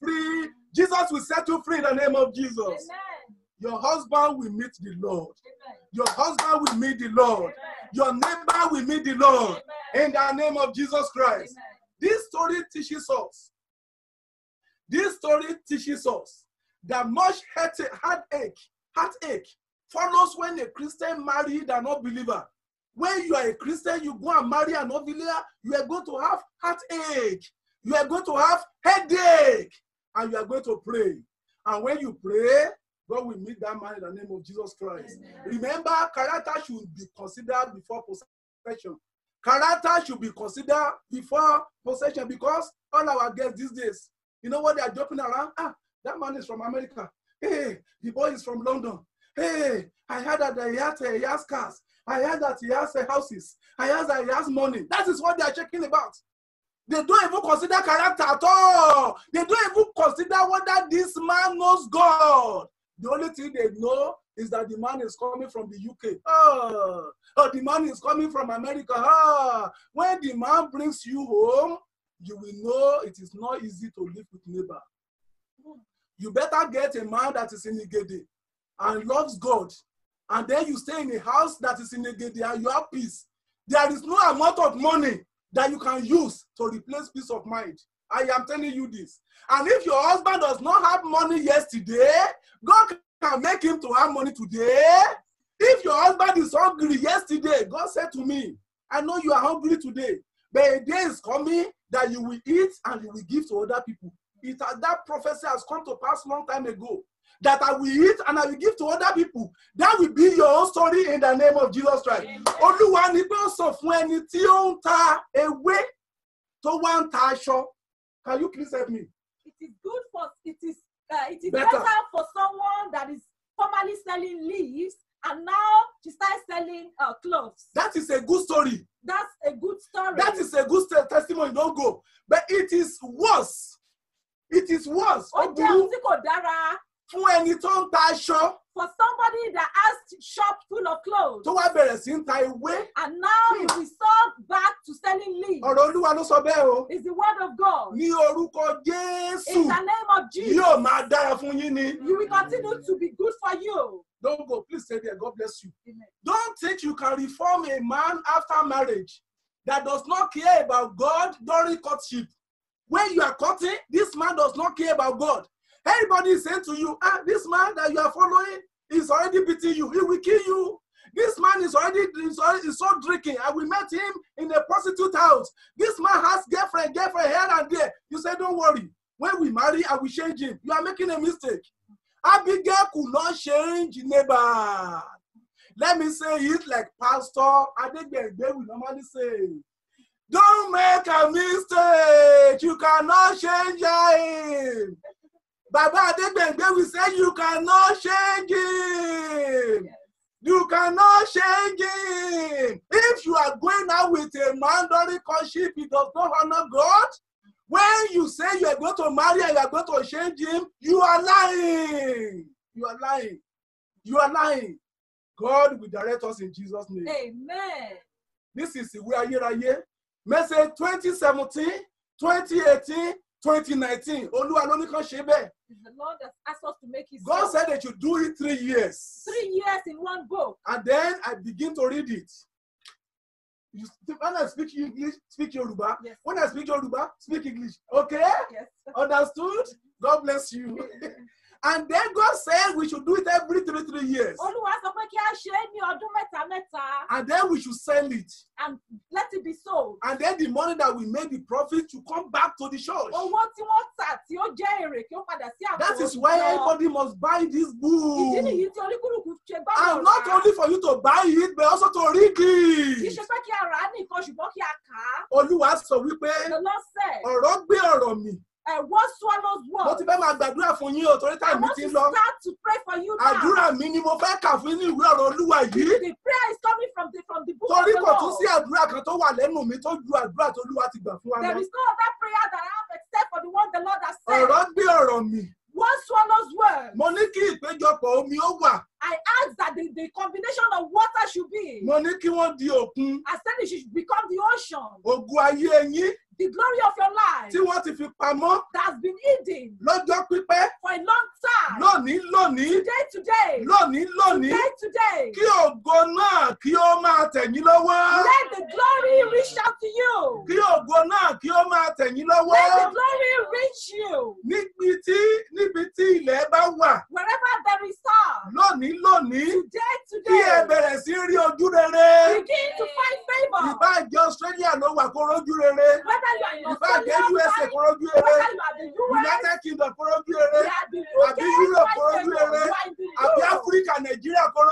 free. Jesus will set you free in the name of Jesus. Amen. Your husband will meet the Lord. Amen. Your husband will meet the Lord. Amen. Your neighbor will meet the Lord. In the name of Jesus Christ. This story teaches us. This story teaches us that much heartache, heartache follows when a Christian married an unbeliever. When you are a Christian, you go and marry an unbeliever, you are going to have heartache. You are going to have headache. And you are going to pray. And when you pray, God will meet that man in the name of Jesus Christ. Amen. Remember, character should be considered before possession. Character should be considered before possession because all our guests these days, you know what they are jumping around? Ah, That man is from America. Hey, the boy is from London. Hey, I heard that he has, he has cars. I heard that he has houses. I heard that he has money. That is what they are checking about. They don't even consider character at all. They don't even consider whether this man knows God. The only thing they know is that the man is coming from the UK. Oh, ah, oh the man is coming from America. Oh, when the man brings you home, you will know it is not easy to live with neighbor you better get a man that is in Igede and loves God, and then you stay in a house that is in Igede and you have peace. There is no amount of money that you can use to replace peace of mind. I am telling you this. And if your husband does not have money yesterday, God can make him to have money today. If your husband is hungry yesterday, God said to me, I know you are hungry today, but a day is coming that you will eat and you will give to other people it, uh, that prophecy has come to pass long time ago. That I will eat and I will give to other people. That will be your own story in the name of Jesus Christ. Only one. Because of when ẹni tí ó ń tó one tasha. Can you please help me? It is good for it is uh, it is better. better for someone that is formerly selling leaves and now she starts selling uh, clothes. That is a good story. That's a good story. That is a good testimony. Don't go. But it is worse it is worse. ó jẹ́ ohun tí kò dára. fún ẹni tó ń ta aṣọ. for somebody that has shop full of clothes. tó wá bẹ̀rẹ̀ sí ń ta ewé. and now he we hmm. resort back to selling leaves. ọ̀rọ̀ olúwa ló sọ bẹ́ẹ̀ o. is the word of God. ní orúkọ Jésù. in the name of Jesus. yóò máa dára fún yín ni. you will continue to be good for you. Don't go, please stay there. God bless you. Amen. Don't think you can reform a man after marriage that does not care about God during courtship. When you are cutting, this man does not care about God. Everybody is saying to you, ah, this man that you are following is already beating you. He will kill you. This man is already is, is so drinking. And we met him in a prostitute house. This man has girlfriend, girlfriend here and there. You say, don't worry. When we marry, I will change him. You are making a mistake. Abigail could not change neighbor. Let me say it like Pastor they will normally say. Don't make a mistake. You cannot change him. Baba Adegbengbe we say you cannot change him. You cannot change him. If you are going out with a man during courtship, he does not honor God. When you say you are going to marry and you are going to change him, you are lying. You are lying. You are lying. God will direct us in Jesus' name. Amen. This is where ìwé ayérayé mẹ́sẹ̀ 2017 2018 2019 olúwa ló ní kàn ṣe bẹ́ẹ̀. The Lord has asked God said that you do it three years. Three years in one go. And then I begin to read it. You, when I speak English, speak Yoruba. Yes. When I speak Yoruba, speak English. Okay? Yes. Understood? God bless you. And then God said we should do it every three three years. Olúwa sọ pé kí a ṣe é ní ọdún mẹ́ta mẹ́ta. And then we should sell it. And let it be sold. And then the money that we made the profit to come back to the church. Owó tí wọ́n tà tí ó jẹ́ èrè kí ó padà sí àpò. That is why everybody must buy this book. Ìdí nìyí tí oníkúlùkù ṣe gbọ́dọ̀ rà. And not only for you to buy it but also to read it. Kì í ṣe pé kí a rà á nìkan ṣùgbọ́n kí a kà á. Olúwa sọ wípé. The Lord said. Ọ̀rọ̀ gbé ọ̀rọ̀ mi. What swallows what? Mo ti fẹ́ máa gbàdúrà fún yín o, torí táì mi ti lọ. I want to start to pray for you now. Àdúrà mi ni mo fẹ́ kà fún ní ìwé ọ̀rọ̀ Olúwa yìí. The prayer is coming from the from the book torí of the Lord. Torí kò tún sí àdúrà kan tó wà lẹ́nu mi tó ju àdúrà tó Olúwa ti gbà fún wa lọ. There is no other prayer that I have except for the one the Lord has said. Ọ̀rọ̀ gbé ọ̀rọ̀ mi. One swallows word. Mo ní kí ìpéjọpọ̀ omi ó wà. I ask that the, the combination of water should be. Mo ní kí wọ́n di òkun. I said it should become the ocean. Ògùn ayé yín the glory of your life. tí wọ́n ti fi pamọ́. has been hidden. lọ́jọ́ pípẹ́. for a long time. lónìí lónìí. today today. lónìí lónìí today. Kí ògo náà kí ó máa tẹ̀yìn lọ́wọ́. Let the glory reach out to you. Kí ògo náà kí ó máa tẹ̀yìn lọ́wọ́. Let the glory reach you. Níbi tí níbi tí ilẹ̀ bá wà. Wherever there is sun. Lónìí lónìí. Today today. Kí ẹ bẹ̀rẹ̀ sí rí ojú rere. Begin to find favour. Ìbáàjẹ́ Australia ló wà kó rojú rere. Whether Australia or USA kó rojú rere. Whether you are the US. United Kingdom kó rojú rere. Àbí Europe kó rojú rere. Àbí Africa Nàìjíríà kó rojú rere.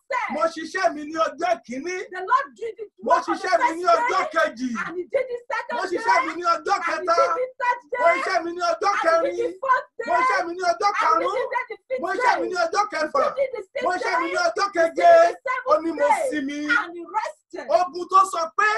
Mo ṣiṣẹ́ mi ní ọjọ́ kìíní. The Lord did it Mo ṣiṣẹ́ mi ní ọjọ́ kejì. Mo ṣiṣẹ́ mi ní ọjọ́ kẹta. Mo ṣiṣẹ́ mi ní ọjọ́ kẹrin. Mo ṣiṣẹ́ mi ní ọjọ́ karùn-ún. Mo ṣiṣẹ́ mi ní ọjọ́ kẹfà. Mo ṣiṣẹ́ mi ní ọjọ́ keje. Ó ní mo sinmi. Ogun tó sọ pé.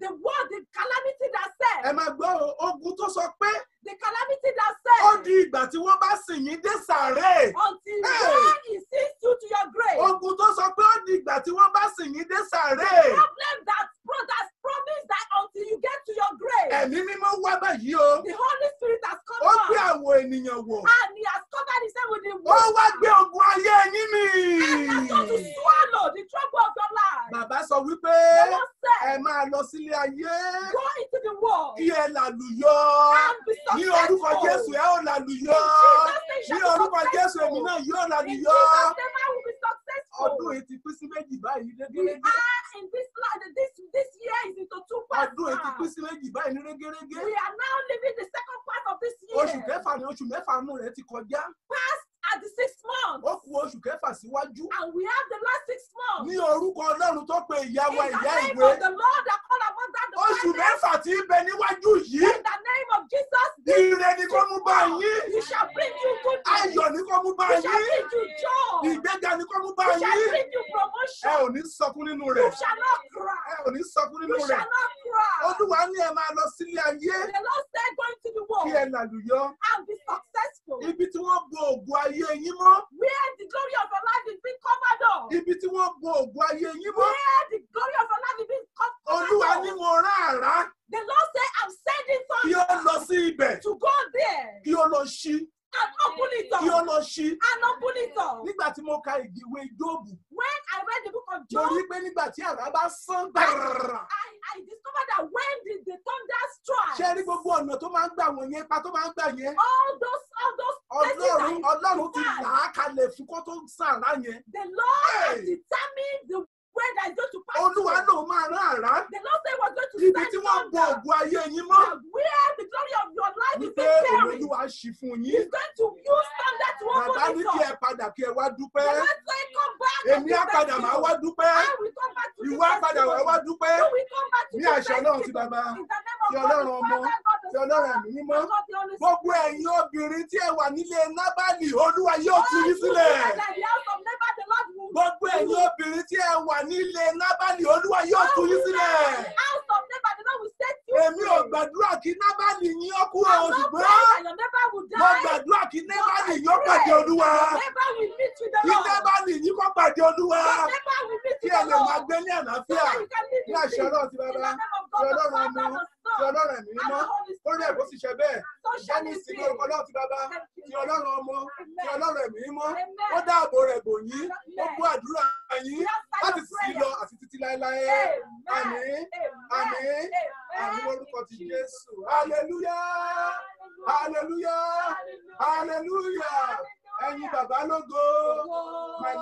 The word the calamity that said. Ẹ máa gbọ́ ogun tó sọ pé. The calamity that said. Ó di ìgbà tí wọ́n bá sìn yín dé sàárè. Until where he sees you to your grave. Ogun tó sọ pé ó di ìgbà tí wọ́n bá sìn yín dé sàárè. The problem that brothers promise that until you get to your grave. Ẹ̀mí mímọ́ wá báyìí o. The Holy Spirit has come down. Ó gbé àwọn ènìyàn wò. And he has covered his head with him. wool. Ó wá gbé ogun ayé yín mì. And that's how to swallow the trouble of your life. Bàbá sọ wípé. The Lord said. Ẹ máa lọ sílé ayé. Go into the world. Kí ẹ làlùyọ. And be so ní orúkọ Jésù ẹ ó lálùyọ ní orúkọ Jésù èmi náà yóò lálùyọ ọdún yìí ti méjì báyìí légerégé. this year into two parts. ọdún yìí ti méjì báyìí légerégé. we are now living the second part of this year. oṣù kẹfà ni oṣù mẹ́fà nù rẹ̀ ti kọjá. at the six months. ó kù oṣù kẹfà síwájú. and we have the last six months. ní orúkọ Ọlọ́run tó pe ìyá wa ìwé. in the name of the Lord that called oṣù mẹ́fà tí ń bẹ níwájú yìí. in the name of Jesus. ire ni kò mú bá yín. you shall bring you good news. ayọ̀ ni kò mú bá yín. you shall bring you joy. ìgbéga ni kò mú bá yín. you shall bring you promotion. ẹ ò ní sọkún nínú rẹ̀. you shall not cry. ẹ ò ní sọkún nínú rẹ̀. you shall not cry. Olúwa ní ẹ máa lọ sílé ayé. The Lord said going to the world. Kí ẹ làlùyọ. And be successful. Ibi tí wọ́n bo ògùn ayé yín mọ́. Where the glory of your life is being covered up. Ibi tí wọ́n bo ògùn ayé yín mọ́. Where the glory of your life is being covered up. Olúwa ní mo rán àrá. The Lord said I'm sending someone. Kí ó lọ sí ibẹ̀. To go there. Kí ó lọ sí and open it up. Kí ó lọ ṣí. And open it up. Nígbà tí mo ka ìdíwé Jóòbù. When I read the book of Job. Mo rí pé nígbà tí àrá bá sán gbàrà. I I discovered that when did the thunder strike. Ṣé rí gbogbo ọ̀nà tó máa ń gbà wọ̀nyẹn, ipa tó máa ń gbà yẹn? All those all those Ọlọ́run Ọlọ́run ti là á kalẹ̀ fún kó tó sàrá yẹn. The Lord hey. has determined the where that is going to pass. Olúwa ló máa rán àrá. The Lord said was going to stand Ibi tí wọ́n bọ ògùn ayé yín mọ́. Where the glory of your life is being carried. Wípé Olúwa ṣì fún yín. He's going to use standard to open the door. Bàbá ní kí ẹ padà kí ẹ wá dúpẹ́. The Lord said come back. Èmi á padà máa wá dúpẹ́. I will come back to the Ìwọ á padà wá wá dúpẹ́. You will come back to the Ní àṣà náà ti bàbá. Ti Ọlọ́run ọmọ. Ti Ọlọ́run ẹ̀mí mímọ́. Gbogbo ẹ̀yin obìnrin tí ẹ wà nílé Nábàlì, Olúwa yóò tú yín sílẹ̀. Gbogbo ẹ̀yin obìnrin tí ẹ wà ní ilé nábàlì olúwa yóò tú yín sílẹ̀. èmi ò gbàdúrà kí nábàlì yín ó kú o ṣùgbọ́n mo gbàdúrà kí nábàlì yín ó pàdé olúwa kí nábàlì yín kó pàdé olúwa kí ẹ lè máa gbé ní àlàáfíà ní àṣẹ ọlọ́run ti bàbá ṣe ọlọ́run ọmọ ti ọlọ́run ẹ̀mí mímọ́ lórí ẹ̀kọ́ sì ṣe bẹ́ẹ̀ ìṣẹ́ni ìsinmi orúkọ náà ti bàbá ti ọlọ́run ọmọ ti ọlọ́run ẹ̀mí mímọ́ ó dáàbò rẹ̀ bò yín ó kú àdúrà yín láti sì lọ àti títí láéláé àmín àmín àmín orúkọ ti Jésù hallelujah hallelujah hallelujah. my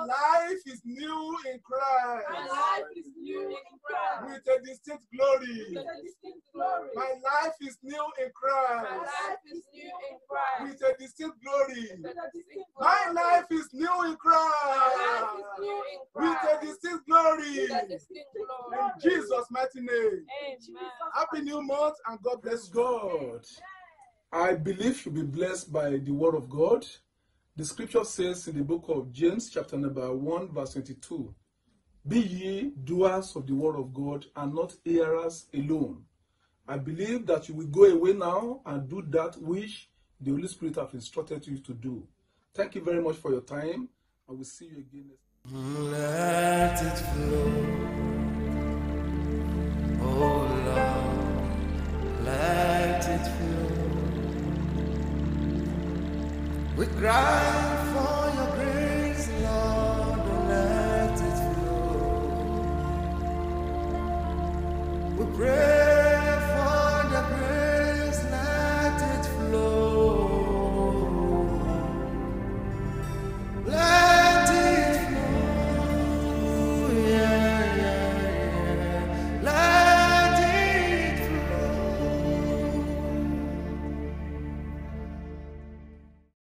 life is new in Christ my life is new in Christ with a distinct glory with a distinct glory my life is new in Christ my life is new in Christ with a distinct glory my life is new in Christ with a distinct glory in Jesus mighty name happy new month and God bless God. I believe you'll be blessed by the word of God. The scripture says in the book of James, chapter number 1, verse 22, Be ye doers of the word of God and not hearers alone. I believe that you will go away now and do that which the Holy Spirit have instructed you to do. Thank you very much for your time. I will see you again Let it flow. Oh Lord, let it flow. We cry for your grace, Lord, and let it flow. We pray.